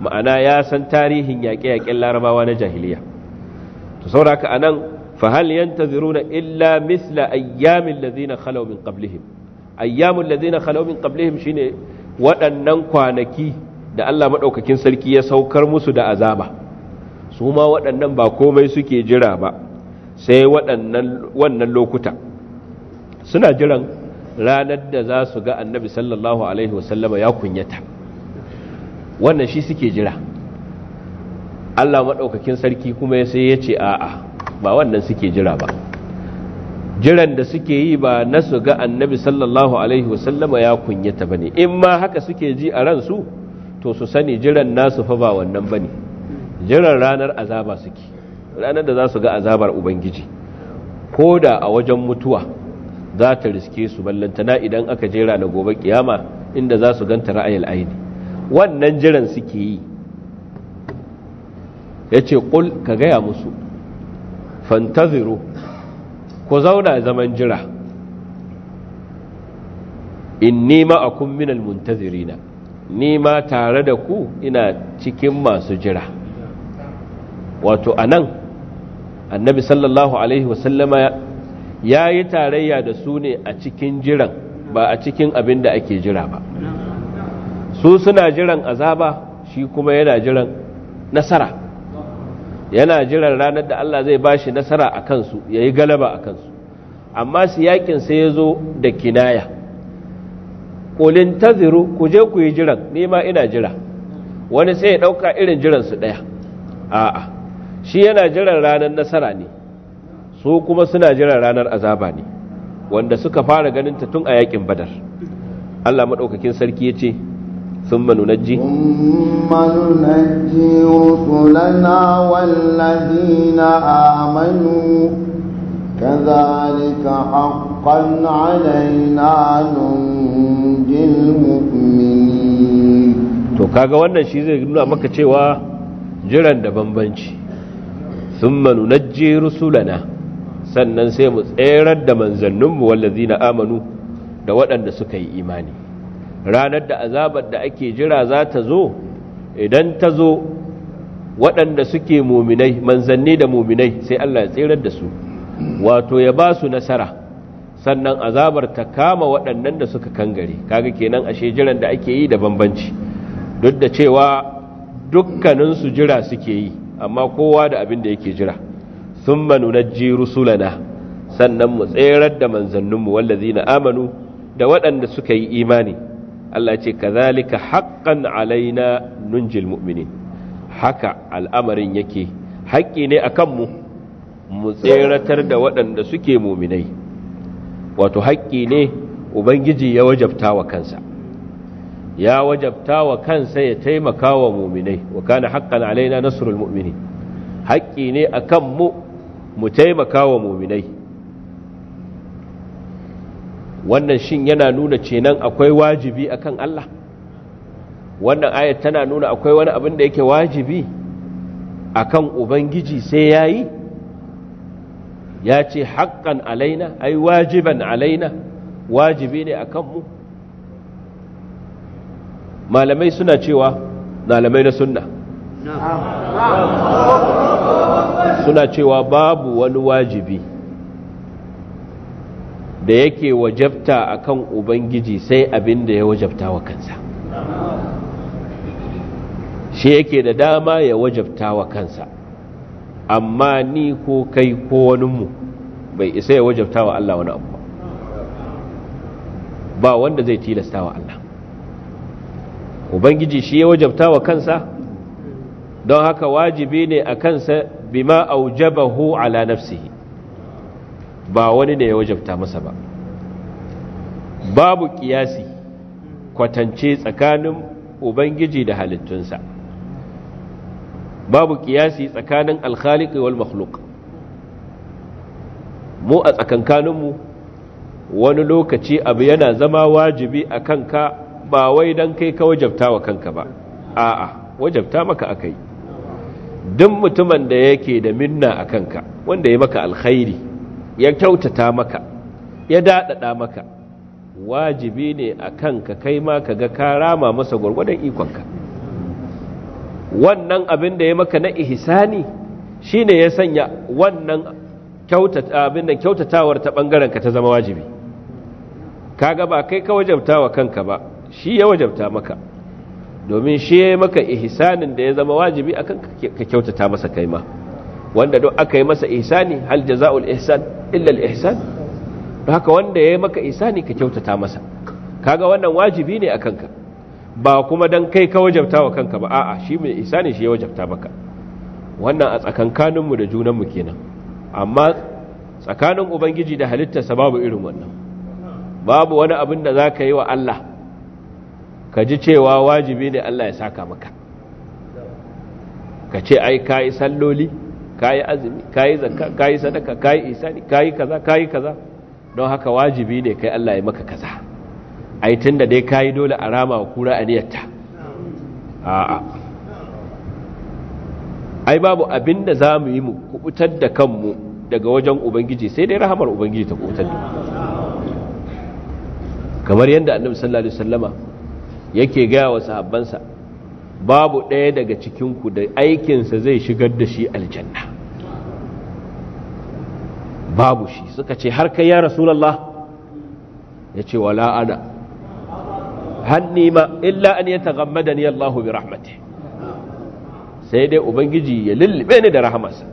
ma'ana ya san tarihin yaƙe-yaƙen larabawa na jahiliya to sauraka anan fa hal yantaziruna illa misla ayyamin ladina khalaw min qablihim ayyamul ladina khalaw min qablihim shine waɗannan kwanaki da Allah maɗaukakin sarki ya saukar musu da azaba su ma waɗannan ba komai suke jira ba sai wannan lokuta suna jiran ranar da za su ga annabi sallallahu alaihi wasallama ya kunyata wannan shi suke jira Allah maɗaukakin sarki kuma sai ya ce a'a ba wannan suke jira ba jiran da suke yi ba na su ga annabi sallallahu alaihi wasallama ya kunyata ba ne in ma haka suke ji a ransu to su sani jiran nasu fa ba wannan bane jiran ranar azaba suke ranar da za su ga azabar ubangiji ko da a wajen mutuwa za ta riske su ballantana idan aka jera na gobe kiyama inda za su ganta ra'ayil aini wannan jiran suke yi yace qul ka gaya musu fantaziru ku zauna zaman jira inni ma'akum minal muntazirina ni ma tare da ku ina cikin masu jira wato anan annabi sallallahu alaihi wasallama ya yi tarayya da su ne a cikin jiran ba a cikin abin da ake jira ba su suna jiran azaba shi kuma yana jiran nasara yana jiran ranar da Allah zai ba shi nasara a kansu ya yi galaba a kansu amma siyakin sai ya zo da kinaya ƙulin ziru ku je ku yi jiran nima ina jira wani sai ya ɗauka irin jiransu ɗaya a'a shi yana jiran ranar nasara ne su kuma suna jiran ranar azaba ne wanda suka fara ganin ta tun a yakin badar Allah maɗaukakin sarki ya ce sun manunajji manunajji rusulana كذلك حقا علينا ننجي المؤمنين to kaga wannan shi zai nuna maka cewa jiran da bambanci thumma nunajji rusulana sannan sai mu tserar da manzanninmu wallazina amanu da waɗanda suka yi imani ranar da azabar da ake jira za ta zo idan ta zo waɗanda suke muminai manzanni da muminai sai Allah ya tserar da su wato ya ba su nasara sannan azabar ta kama waɗannan da suka kangare kaga kenan ashe jiran da ake yi da bambanci duk da cewa dukkaninsu jira suke yi amma kowa da abin da yake jira sun manu na ji rusulana sannan mu tserar da manzanninmu wallazi na amanu da waɗanda suka yi imani Allah ce kazalika haƙƙan alaina nunjil mu'minin haka al'amarin yake haƙƙi ne a kanmu mu tseratar da waɗanda suke muminai wato haƙƙi ne ubangiji ya wajabta wa kansa ya wajabta wa kansa ya taimaka wa muminai wa kana haƙƙan alaina nasrul mu'minin haƙƙi ne akan mu mu taimaka wa muminai wannan shin yana nuna cenan akwai wajibi akan Allah wannan ayat tana nuna akwai wani abin da yake wajibi akan ubangiji sai ya yi? ya ce haƙƙan alaina ai wajiban alaina wajibi ne a kanmu malamai suna cewa malamai na sunna suna cewa babu wani wajibi da yake wajabta akan ubangiji sai abin da ya wajabta wa kansa shi yake da dama ya wajabta wa kansa amma ni ko kai ko waninmu bai isa ya wajabta wa Allah wani abu ba ba wanda zai tilasta wa Allah ubangiji shi ya wajabta wa kansa don haka wajibi ne a kansa bima aujabahu ala nafsihi ba wani ne ya wajabta masa ba babu kiyasi kwatance tsakanin ubangiji da halittunsa babu kiyasi tsakanin alkhaliq wal makhluq mu a tsakankaninmu wani lokaci abu yana zama wajibi a kanka ba wai don kai ka wajabta wa kanka ba a'a wajabta maka akai duk mutumin da yake da minna a kanka wanda ya maka alkhairi ya kyautata maka ya daɗaɗa maka wajibi ne a kanka kai ma kaga ga ka rama masa gwargwadon ikonka wannan abin da ya maka na ihsani shine ya sanya wannan kyautata abin da kyautatawar ta bangaren ka ta zama wajibi kaga ba kai ka wajabta wa kanka ba shi ya wajabta maka domin shi ya maka ihsanin da ya zama wajibi akan ka kyautata masa kai ma wanda duk aka yi masa ihsani hal jazaul ihsan illa al ihsan haka wanda ya maka ihsani ka kyautata masa kaga wannan wajibi ne akan ka ba kuma dan kai ka wajabta wa kanka ba a'a shi mai isa ne shi ya wajabta maka wannan a tsakankaninmu da junanmu kenan amma tsakanin ubangiji da halittarsa babu irin wannan babu wani abin da za ka yi wa Allah ka ji cewa wajibi ne Allah ya saka maka ka ce ai ka yi salloli ka yi azumi ka yi zakka ka yi sadaka ka yi isani ka yi kaza ka yi kaza don haka wajibi ne kai Allah ya maka kaza ai tun da dai kayi dole a rama wa kura aniyarta a'a ai babu abin da za mu yi mu kubutar da kanmu daga wajen ubangiji sai dai rahamar ubangiji ta kubutar da kamar yadda annabi sallallahu alaihi wasallama yake gaya wa sahabbansa babu ɗaya daga cikinku da aikinsa zai shigar da shi aljanna babu shi suka ce har kai ya rasulallah ya ce wala ana hanni ma illa an yataghammadani allahu bi rahmati sai dai ubangiji ya lullube ni da rahamarsa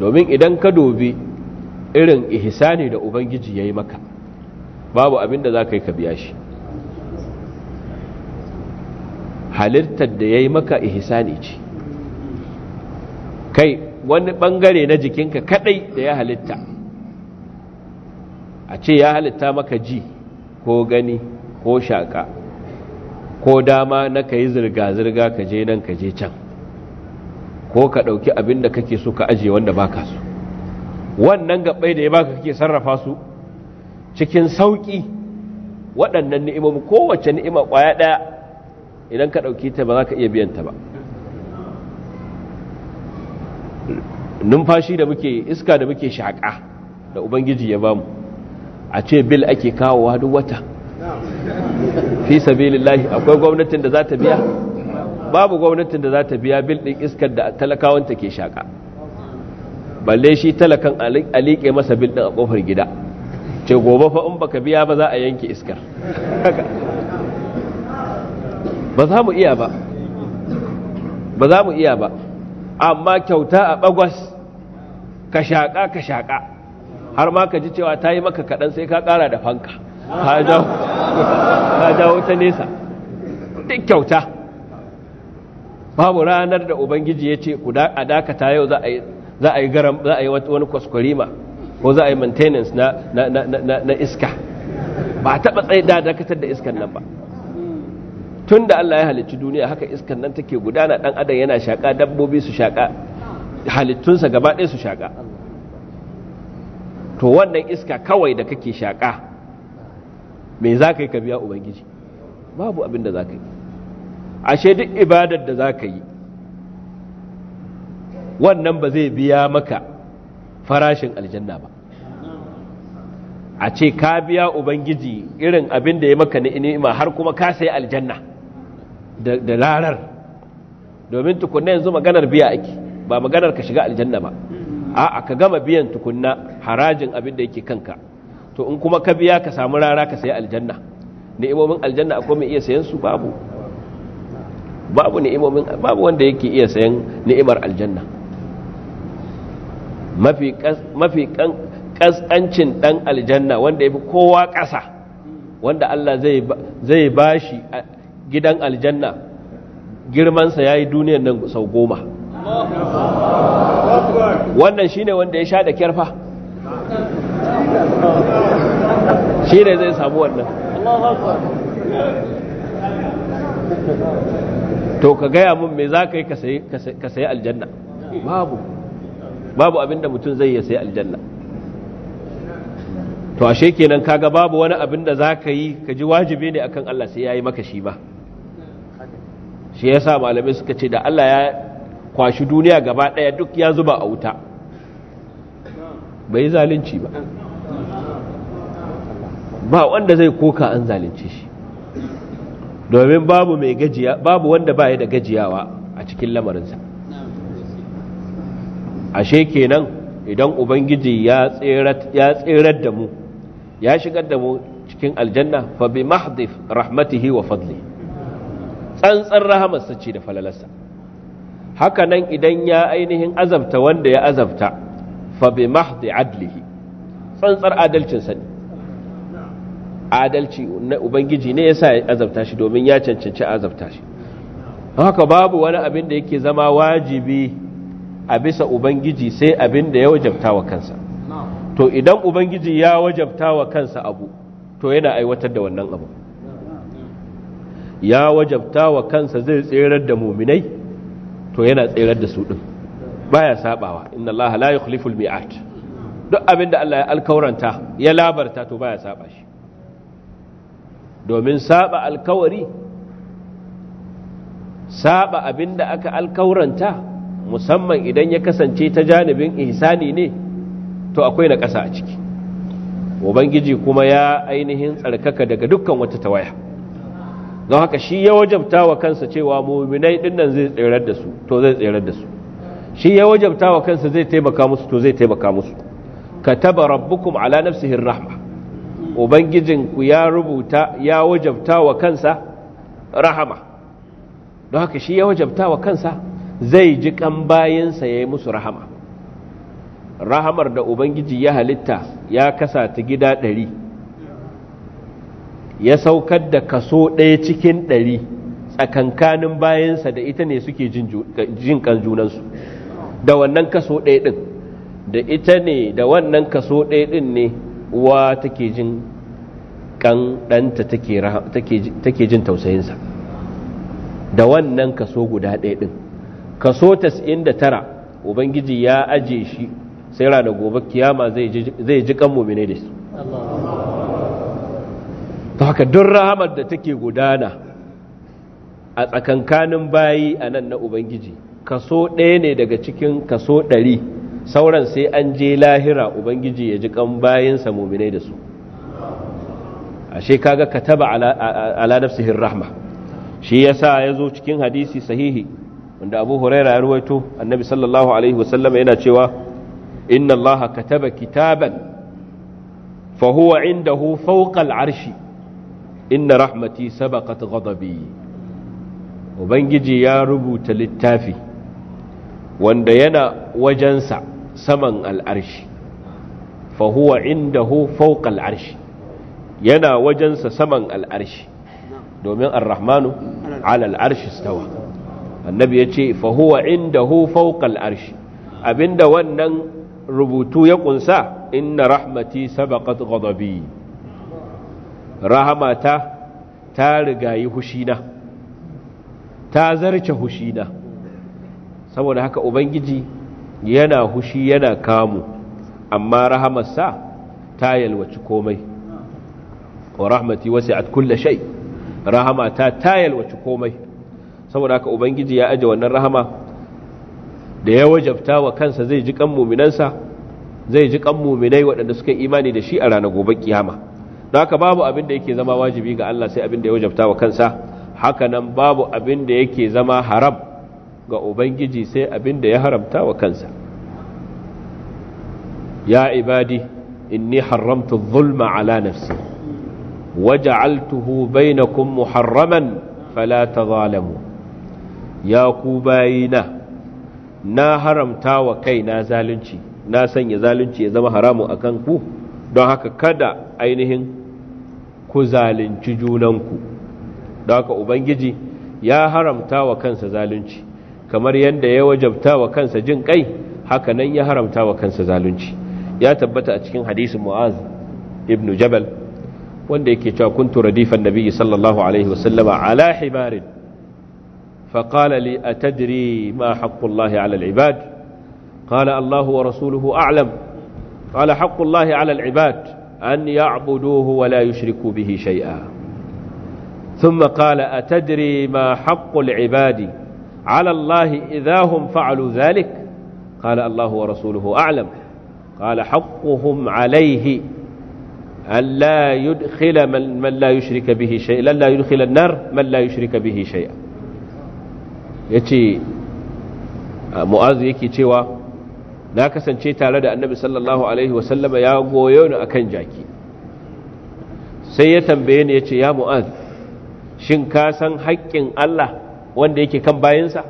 domin idan ka dobi irin ihsani da ubangiji yayi maka babu abin da zaka yi ka biya shi halittar da yayi maka ihsani ce kai wani bangare na jikinka kadai da ya halitta a ce ya halitta maka ji ko gani ko shaƙa ko dama na ka yi zirga-zirga ka je nan ka je can ko ka ɗauki abin da kake so ka ajiye wanda baka so wannan gaɓai da ya baka kake sarrafa su cikin sauƙi waɗannan ni'imomi kowace ni'ima ƙwaya ɗaya idan ka ɗauki ta ba za ka iya biyan ta ba numfashi da muke iska da muke shaƙa da ubangiji ya bamu a ce bil ake kawowa duk wata fi sabilillahi akwai gwamnatin da za ta biya babu gwamnatin da za ta biya bil din iskar da talakawanta ke shaka balle shi talakan alike masa bil din a kofar gida ce gobe fa in baka biya ba za a yanke iskar ba za mu iya ba ba za mu iya ba amma kyauta a bagwas ka shaƙa ka shaƙa har ma ka ji cewa ta yi maka kaɗan sai ka ƙara da fanka ka jawo ta nesa duk kyauta babu ranar da ubangiji ya ce a dakata yau za a yi garam za a yi wani kwaskwarima ko za a yi maintenance na iska ba a taɓa tsaye da dakatar da iskan nan ba tun da Allah ya halicci duniya haka iskan nan take gudana ɗan adam yana shaƙa dabbobi su shaƙa halittunsa gaba ɗaya su shaƙa to wannan iska kawai da kake shaƙa me za ka yi ka biya ubangiji babu abin da za ka yi ashe duk ibadar da za ka yi wannan ba zai biya maka farashin aljanna ba a ce ka biya ubangiji irin abin da ya maka ni'ima har kuma ka sayi aljanna da larar domin tukunan yanzu maganar biya ake ba maganar ka shiga aljanna ba a'a ka gama biyan tukunna harajin abin da yake kanka to in kuma ka biya ka samu rara ka sayi aljanna ni'imomin aljanna akwai mai iya sayan su babu babu ni'imomin babu wanda yake iya sayan ni'imar aljanna mafi mafi kasancin dan aljanna wanda yafi kowa ƙasa wanda Allah zai zai bashi gidan aljanna girmansa yayi duniyar nan sau goma wannan shi ne wanda ya sha da kyarfa ne zai samu wannan to ka gaya mun me za ka yi ka sayi aljanna babu babu abinda mutum zai yi sayi aljanna to ashe kenan kaga babu wani abin da za ka yi ka ji wajibi ne akan Allah sai ya yi maka shi ba shi ya sa malamai suka ce da Allah ya kwashi duniya gaba ɗaya duk ya zuba a wuta bai zalunci ba ba wanda zai koka an zalunci shi domin babu mai gajiya babu wanda baya da gajiyawa a cikin lamarinsa ashe kenan idan ubangiji ya tserar da mu ya shigar da mu cikin aljanna fa bi mahdif rahmatihi wa fadli tsantsan rahamarsa ce da falalarsa haka nan idan ya ainihin azabta wanda ya azabta fa bi mahdi adlihi tsantsar adalcin sa adalci na ubangiji ne yasa ya azabta shi domin ya cancanci azabta shi haka babu wani abin da yake zama wajibi a bisa ubangiji sai abin da ya wajabta wa kansa to idan ubangiji ya wajabta wa kansa abu to yana aiwatar da wannan abu ya wajabta wa kansa zai tserar da muminai to yana tsirar da su din baya sabawa inna allaha la yukhliful mi'at duk abin da Allah ya alkauranta ya labarta to baya saba shi domin saba alkawari saba abin da aka alkauranta musamman idan ya kasance ta janibin ihsani ne to akwai na ƙasa a ciki ubangiji kuma ya ainihin tsarkaka daga dukkan wata tawaya don haka shi ya wajabta wa kansa cewa muminai dinnan zai tserar da su to zai tserar da su shi ya wajabta wa kansa zai taimaka musu to zai taimaka musu kataba rabbukum ala nafsihi rahma ubangijinku ya rubuta ya wajabta wa kansa rahama don haka shi ya wajabta wa kansa zai ji kan bayansa ya yi musu rahama rahamar da ubangiji ya halitta ya kasa ta gida ɗari ya saukar da kaso ɗaya cikin ɗari tsakankanin bayansa da ita ne suke jin kan junansu da wannan kaso ɗaya ɗin da ita ne da wannan kaso ɗaya ɗin ne uwa take jin kan ɗanta take jin tausayinsa da wannan kaso guda ɗaya ɗin kaso tas'in da tara ubangiji ya aje shi sai rana gobe kiyama zai ji kan mummine da su ta haka don rahamar da take gudana a tsakankanin bayi a nan na ubangiji kaso ɗaya ne daga cikin kaso ɗari sauran sai an je lahira ubangiji ya ji kan bayinsa muminai da su ashe kaga kataba ala rahma shi ya sa ya zo cikin hadisi sahihi wanda Abu Huraira ya ruwaito Annabi sallallahu alaihi wasallam yana cewa inna Allaha kataba kitaban fa huwa indahu fawqa al-arshi inna rahmati sabaqat ghadabi ubangiji ya rubuta littafi wanda yana wajensa saman al'arshi fa huwa indahu fawqa al'arshi yana wajensa saman al'arshi domin ar-rahmanu 'ala al'arshi istawa annabi yace fa huwa indahu fawqa al'arshi abinda wannan rubutu ya kunsa inna rahmati sabaqat ghadabi rahamata ta ta rigayi hushina ta zarce hushina saboda haka ubangiji yana hushi yana kamu amma rahamarsa ta yalwaci komai wa rahmati wasi'at kulle shay rahamata ta yalwaci komai saboda haka ubangiji ya aje wannan rahama da ya wajabta wa kansa zai ji kan muminansa zai ji kan muminai waɗanda suka imani da shi a ranar gobe kiyama don haka babu abin da yake zama wajibi ga Allah sai abin da ya wajabta wa kansa haka nan babu abin da yake zama haram ga ubangiji sai abin da ya haramta wa kansa ya ibadi inni haramtu zulma ala nafsi waja'altuhu bainakum muharraman fala tadhalamu ya ku bayina na haramta wa kaina zalunci na sanya zalunci ya zama haramu akan ku don haka kada ainihin ku zalunci junanku haka ubangiji ya haramta wa kansa zalunci kamar yadda ya wajabta wa kansa jin kai haka nan ya haramta wa kansa zalunci ya tabbata a cikin hadisin mu'az ibn jabal wanda yake cewa kuntu radifan nabi sallallahu alaihi wasallama ala himarin فقال لي أتدري ما حق الله على العباد قال الله ورسوله أعلم قال حق الله على العباد أن يعبدوه ولا يشركوا به شيئا ثم قال أتدري ما حق العباد على الله إذا هم فعلوا ذلك قال الله ورسوله أعلم قال حقهم عليه أن لا يدخل من, من لا يشرك به شيئا لا يدخل النار من لا يشرك به شيئا يتي آه، معاذ يكي na kasance tare da annabi sallallahu alaihi wasallama ya goyo ni akan jaki sai ya tambaye ni ya ce ya mu'az shin ka san haƙƙin Allah wanda yake kan bayansa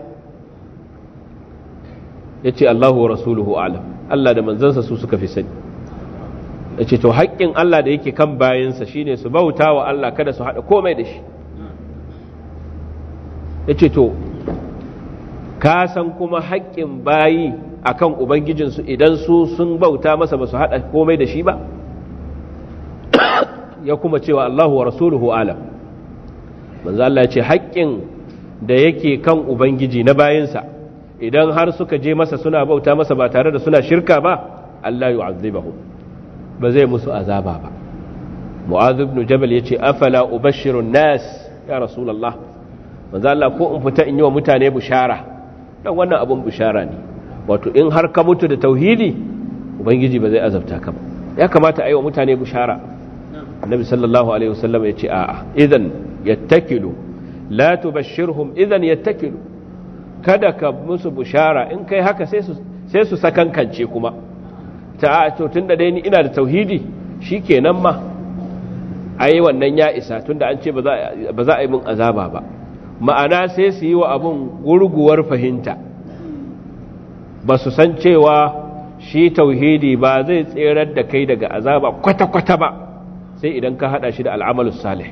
ya ce Allahu wa rasuluhu alam Allah da manzansa su suka fi sani ya ce to haƙƙin Allah da yake kan bayansa shine su bauta wa Allah kada su haɗa komai da shi ya ce to ka san kuma haƙƙin bayi a kan ubangijinsu idan su sun bauta masa ba su haɗa komai da shi ba ya kuma cewa Allahu wa rasuluhu alam manzo Allah ya ce haƙƙin da yake kan ubangiji na bayansa idan har suka je masa suna bauta masa ba tare da suna shirka ba Allah yu'azzibahu ba zai musu azaba ba mu'adh ibn jabal ce afala ubashiru nas ya rasulallah manzo Allah ko in fita in yi wa mutane bushara ɗan wannan abun bushara ne wato in har ka mutu da tauhidi ubangiji ba zai azabta ka ba ya kamata a yi wa mutane bushara annabi sallallahu alaihi wasallam ya ce a'a idan yattakilu la tubashshirhum idan yattakilu kada ka musu bushara in kai haka sai su sai su sakankance kuma ta to tunda dai ni ina da tauhidi shikenan ma ai wannan ya isa tunda an ce ba za a yi mun azaba ba ma'ana sai su yi wa abun gurguwar fahimta ba su san cewa shi tauhidi ba zai tserar da kai daga azaba kwata-kwata ba sai idan ka hada shi da al'amalu salih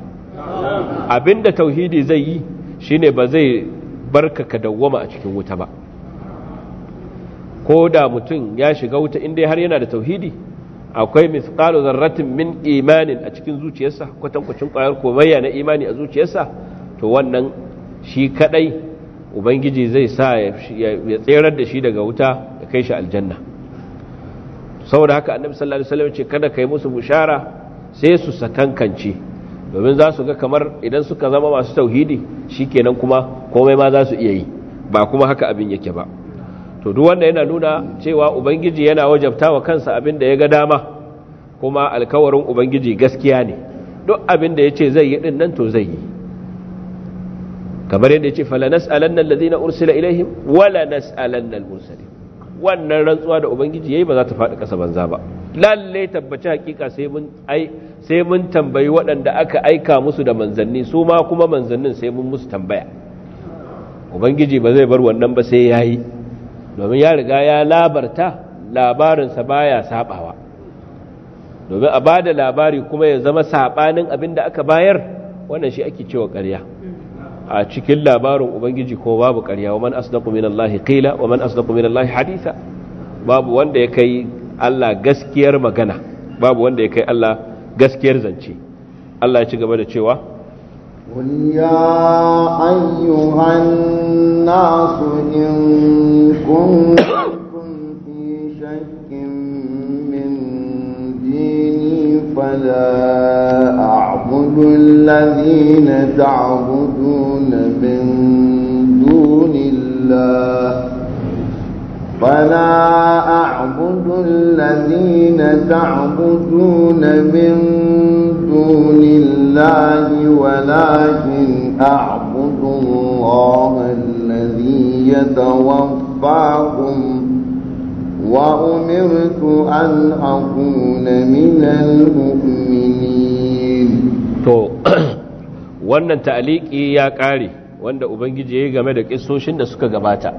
abinda tauhidi zai yi shi ne ba zai barka ka dawwama a cikin wuta ba ko da mutum ya shiga wuta inda har yana da tauhidi akwai misqalu zarratin min imanin a cikin zuciyarsa kwatankwacin kwayar komayya na imani a zuciyarsa to wannan shi kadai ubangiji zai sa ya tserar da shi daga wuta ya kai shi aljanna saboda haka annabi sallallahu alaihi wasallam ce kada kai musu bushara sai su sakankance domin za su ga kamar idan suka zama masu tauhidi shi kenan kuma komai ma za su iya yi ba kuma haka abin yake ba to duk wanda yana nuna cewa ubangiji yana wajabta wa kansa abin da ya ga dama kuma alkawarin ubangiji gaskiya ne duk abin da ya ce zai yi din nan to zai yi kamar yadda ya yace fala nas'alanna allazina ursila ilaihim wala nas'alanna al-mursalin wannan rantsuwa da ubangiji yayi ba za ta faɗi ƙasa banza ba lalle tabbaci hakika sai mun sai mun tambayi waɗanda aka aika musu da manzanni su ma kuma manzannin sai mun musu tambaya ubangiji ba zai bar wannan ba sai yayi domin ya riga ya labarta labarinsa baya sabawa domin a bada labari kuma ya zama saɓanin abin da aka bayar wannan shi ake cewa ƙarya a cikin labarin ubangiji ko babu ƙarya wa man asdaqu minallahi qila wa man asdaqu minallahi haditha babu wanda ya kai Allah gaskiyar magana babu wanda ya kai Allah gaskiyar zance Allah ya ci gaba da cewa قل يا أيها الناس إن كنتم في شك من ديني فلا الذين تعبدون من دون الله فلا أعبد الذين تعبدون من دون الله ولكن أعبد الله الذي يتوفاكم وأمرت أن أكون من المؤمنين to wannan ta'aliki ya kare wanda ubangiji ya game da kissoshin da suka gabata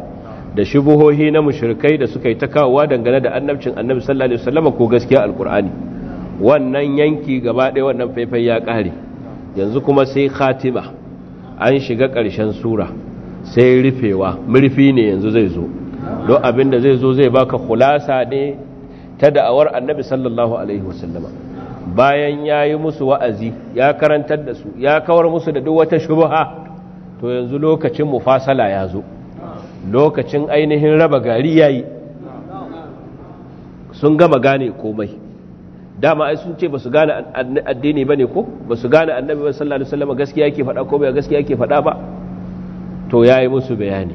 da shubuhohi na mushrikai da suka yi ta kawowa dangane da annabcin annabi sallallahu alaihi wasallam ko gaskiya alqur'ani wannan yanki gaba ɗaya wannan faifai ya kare yanzu kuma sai khatima an shiga ƙarshen sura sai rufewa murfi ne yanzu zai zo don abin da zai zo zai baka khulasa ne ta da'awar annabi sallallahu alaihi wasallama bayan ya yi musu wa'azi ya karantar da su ya kawar musu da duk wata shubha to yanzu lokacin mufasala ya zo lokacin ainihin raba gari ya yi sun gama gane komai dama ai sun ce ba su gane addini ba ne ko ba su gane annabi ba sallallahu alaihi wasallam gaskiya yake faɗa ko bai gaskiya yake faɗa ba to ya yi musu bayani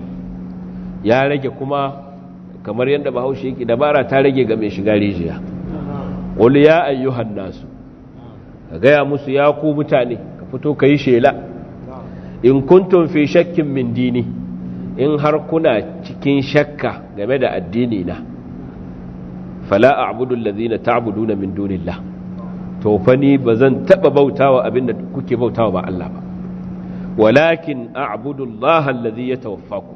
ya rage kuma kamar yadda bahaushe yake dabara ta rage ga mai shiga rijiya qul ya ayyuhan nasu ka gaya musu ya ku mutane ka fito ka yi shela in kuntun fi shakkin min dini in har kuna cikin shakka game da addini na fala a'budu allazina ta'buduna min dunillah to fa ni bazan taba bautawa abinda kuke bautawa ba Allah ba walakin a'budu allaha allazi yatawaffaku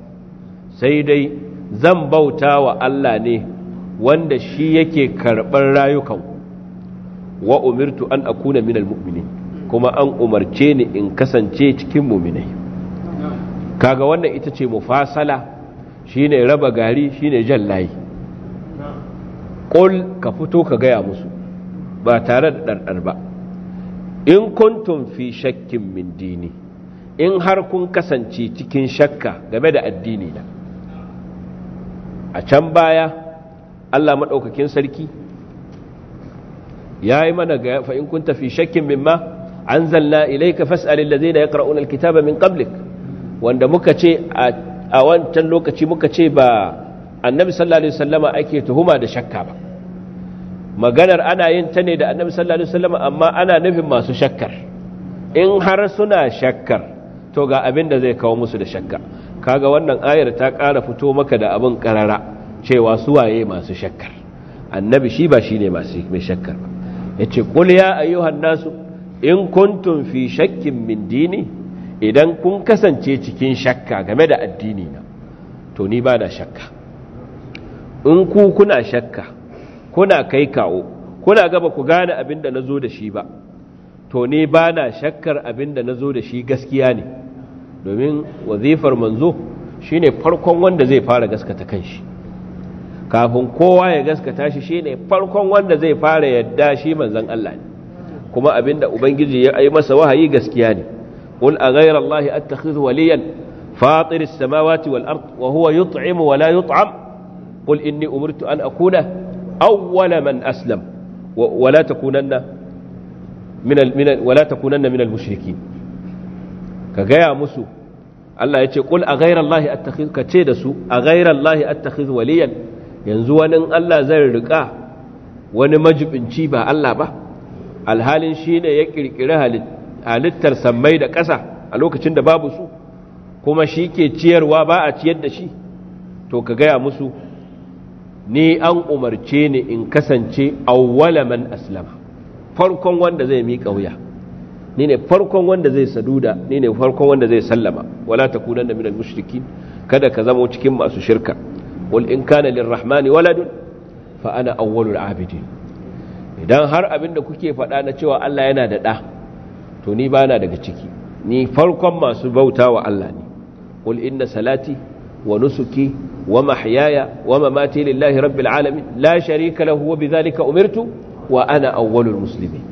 sai dai zan bautawa Allah ne wanda shi yake karɓar rayukanku wa umirtu an akuna minal mu'minin kuma an umarce ni in kasance cikin mu'minai kaga wannan ita ce mufasala shine raba gari shine jan layi qul ka fito ka gaya musu ba tare da ɗarɗar ba in kuntum fi shakkin min dini in har kun kasance cikin shakka game da addini na a can baya Allah maɗaukakin sarki yayi mana ga fa in kun tafi shakkin mimma anzalna ilayka fas'al alladhina yaqra'una alkitaba min qablik wanda muka ce a wancan lokaci muka ce ba annabi sallallahu alaihi wasallama ake tuhuma da shakka ba maganar ana yin ta ne da annabi sallallahu alaihi wasallama amma ana nufin masu shakkar in har suna shakkar to ga abin da zai kawo musu da shakka kaga wannan ayar ta ƙara fito maka da abin ƙarara cewa suwaye masu shakkar annabi shi ba shine masu mai shakkar ba yace qul ya ayyuhan nasu in kuntum fi shakkin min dini idan kun kasance cikin shakka game da addini na to ni ba na shakka in ku kuna shakka kuna kai kawo kuna gaba ku gane abin da nazo da shi ba to ni ba na shakkar abin da nazo da shi gaskiya ne domin wazifar manzo shine farkon wanda zai fara gaskata kanshi kafin kowa ya gaskata shi shine farkon wanda zai fara yadda shi manzon Allah ne kuma abinda ubangiji ya yi masa wahayi gaskiya ne qul a ghayra allahi attakhidhu waliyan fatir as-samawati wal ard wa huwa yut'imu wa la yut'am qul inni umirtu an akuna awwala man aslam wa la takunanna min al wa la takunanna min al-mushrikeen ka gaya musu Allah ya ce qul a ghayra allahi attakhidhu ka ce da su a ghayra allahi attakhidhu waliyan yanzu wani Allah zai riƙa wani majibinci ba Allah ba alhalin shi ne ya ƙirƙiri halittar sammai da ƙasa a lokacin da babu su kuma shi ke ciyarwa ba a ciyar da shi to ka gaya musu ni an umarce ni in kasance awwala man aslama farkon wanda zai miƙa wuya ni ne farkon wanda zai saduda ni ne farkon wanda zai sallama wala takunanna minal mushrikin kada ka zama cikin masu shirka qul in kana lirrahmani waladun fa ana awwalul abidin idan har abin da kuke faɗa na cewa Allah yana da ɗa to ni bana daga ciki ni farkon masu bauta wa Allah ne qul inna salati wa nusuki wa mahyaya wa mamati lillahi rabbil alamin la sharika lahu wa bidhalika umirtu wa ana awwalul muslimin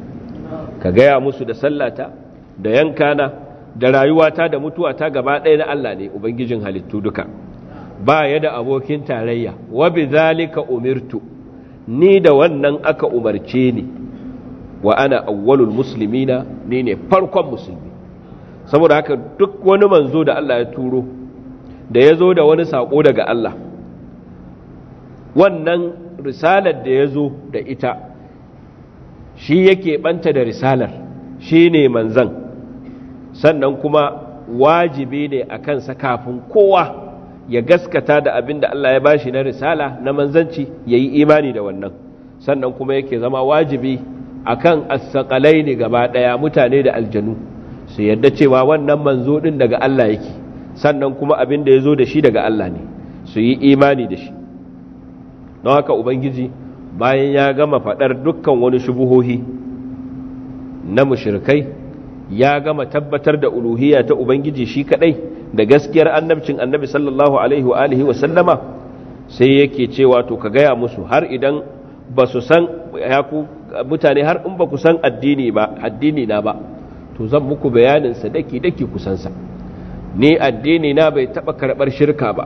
ka gaya musu da sallata da yankana da rayuwata da mutuwata gaba ɗaya na Allah ne ubangijin halittu duka ba ya da abokin tarayya wa bi zalika umirtu ni da wannan aka umarce ni wa ana awwalul muslimina ni ne farkon musulmi saboda haka duk wani manzo da Allah ya turo da ya zo da wani sako daga Allah wannan risalar da ya zo da ita shi yake banta da risalar shi ne manzan sannan kuma wajibi ne a kansa kafin kowa ya gaskata da abin da Allah ya bashi na risala na manzanci ya yi imani da wannan sannan kuma yake zama wajibi akan asakalai ne gaba ɗaya mutane da aljanu su yadda cewa wannan manzo ɗin daga Allah yake sannan kuma abin da ya zo da shi daga Allah ne su yi imani da shi don haka ubangiji bayan ya gama faɗar dukkan wani shubuhohi na mushrikai ya gama tabbatar da uluhiyya ta ubangiji shi kaɗai. da gaskiyar annabcin annabi sallallahu alaihi wa alihi wa sallama sai yake cewa to ka gaya musu har idan ba su san ya ku mutane har in ba ku san addini ba addini na ba to zan muku bayanin sa daki daki ku san sa ni addini na bai taba karbar shirka ba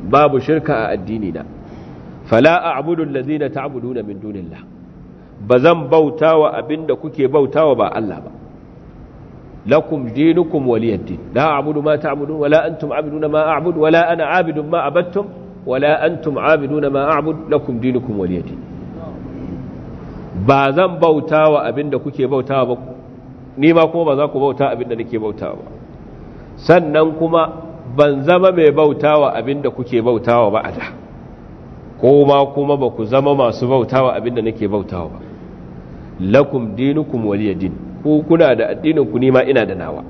babu shirka a addini na fala a'budu allazina ta'buduna min dunillah bauta wa abinda kuke bautawa ba Allah ba lakum dinukum waliyad din la a'budu ma ta'budun wala antum a'buduna ma a'budu wala ana a'budun ma abattum wala antum a'buduna ma a'budu lakum dinukum waliyad din ba zan bautawa abinda kuke bautawa ba ni ma kuma ba za ku bauta abinda nake bautawa sannan kuma ban zama mai bautawa abinda kuke bautawa ba a da ko ma kuma ba ku zama masu abinda nake bautawa ba lakum dinukum waliyadin ku kuna da addinin ku nima ina da nawa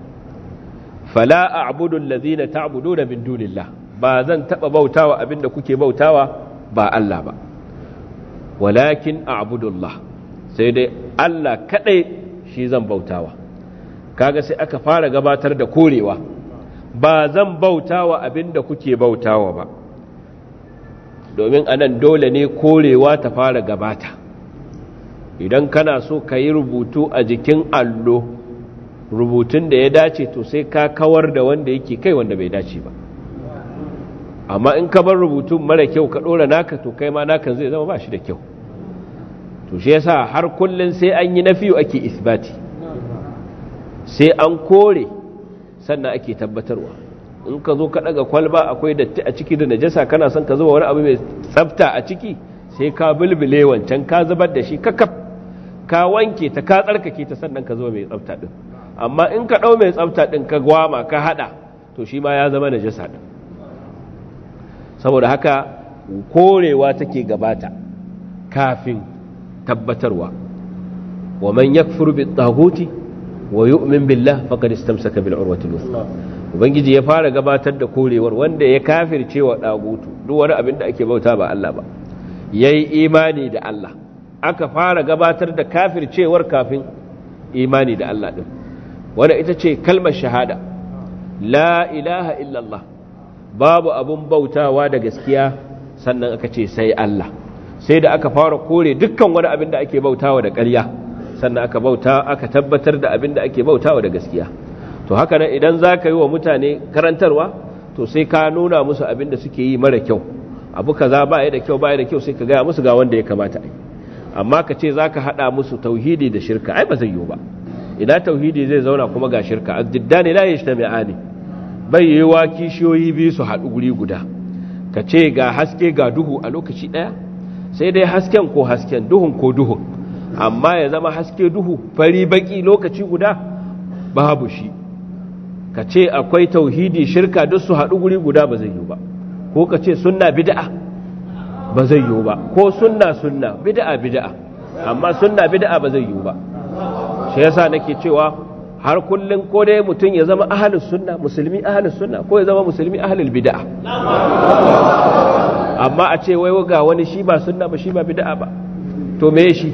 fala a'budu allazina ta'buduna min dunillah ba zan taba bautawa abinda kuke bautawa ba Allah ba walakin Allah sai dai Allah kadai shi zan bautawa kaga sai aka fara gabatar da korewa ba zan bautawa abinda kuke bautawa ba domin anan dole ne korewa ta fara gabata idan kana so ka yi rubutu a jikin allo rubutun da ya dace to sai ka kawar da wanda yake kai wanda bai dace ba amma in ka bar rubutun mara kyau ka ɗora naka to kai ma nakan zai zama ba shi da kyau to shi yasa har kullun sai an yi nafiyu ake isbati sai an kore sannan ake tabbatarwa in ka zo ka ɗaga kwalba akwai datti a ciki da najasa kana son ka zuba wani abu mai tsafta a ciki sai ka bulbule wancan ka zubar da shi kakaf ka wanke ta ka tsarkake ta sannan ka zo mai tsafta din amma in ka ɗau mai tsafta din ka gwama ka haɗa to shi ma ya zama na jisa din saboda haka korewa take gabata kafin tabbatarwa wa man yakfur bi taghuti wa yu'min billah faqad istamsaka bil urwati al ubangiji ya fara gabatar da korewar wanda ya kafircewa dagutu duk wani abin da ake bauta ba Allah ba yayi imani da Allah aka fara gabatar da kafircewar kafin imani da Allah ɗin. wadda ita ce kalmar shahada la ilaha illallah babu abun bautawa da gaskiya sannan aka ce sai Allah sai da aka fara kore dukkan wani abin da ake bautawa da ƙarya sannan aka bauta aka tabbatar da abin da ake bautawa da gaskiya to haka nan idan za ka yi wa mutane karantarwa to sai ka nuna musu abin da suke yi mara kyau abu kaza ba da kyau ba yi da kyau sai ka gaya musu ga wanda ya kamata a yi amma ka ce zaka haɗa musu tauhidi da shirka ai ba zai yiwu ba ina tauhidi zai zauna kuma ga shirka ne ta la yajtami'ani bai wa kishiyoyi biyu su haɗu guri guda ka ce ga haske ga duhu a lokaci ɗaya sai dai hasken ko hasken duhun ko duhun amma ya zama haske duhu fari baki lokaci guda babu shi ka ce akwai tauhidi shirka duk su haɗu guri guda ba zai yiwu ba ko ka ce sunna bid'a ba zai yiwu ba ko sunna sunna bid'a bid'a amma sunna bid'a ba zai yiwu ba shi yasa nake cewa har kullun ko dai mutum ya zama ahlus sunna musulmi ahlus sunna ko ya zama musulmi ahlul bid'a amma a ce wai ga wani shi ba sunna ba shi ba bid'a ba to me shi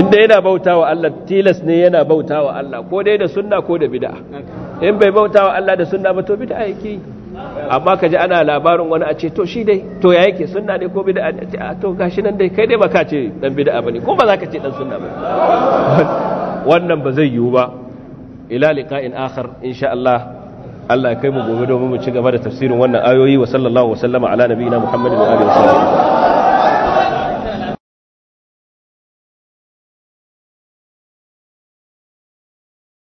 inda yana bautawa Allah tilas ne yana bautawa Allah ko dai da sunna ko da bid'a in bai bautawa Allah da sunna ba to bid'a yake yi amma ji ana labarin wani a ce to shi dai to ya yake sunna ne ko bid'a a to gashi nan dai kai dai ba ka ce dan bid'a ne ko ba za ka ce dan sunna ba wannan ba zai yiwu ba ila liqa'in akhar insha Allah Allah ya kai mu gobe domin mu ci gaba da tafsirin wannan ayoyi wa sallallahu wa sallama ala nabiyina Muhammadin wa alihi wa sallam.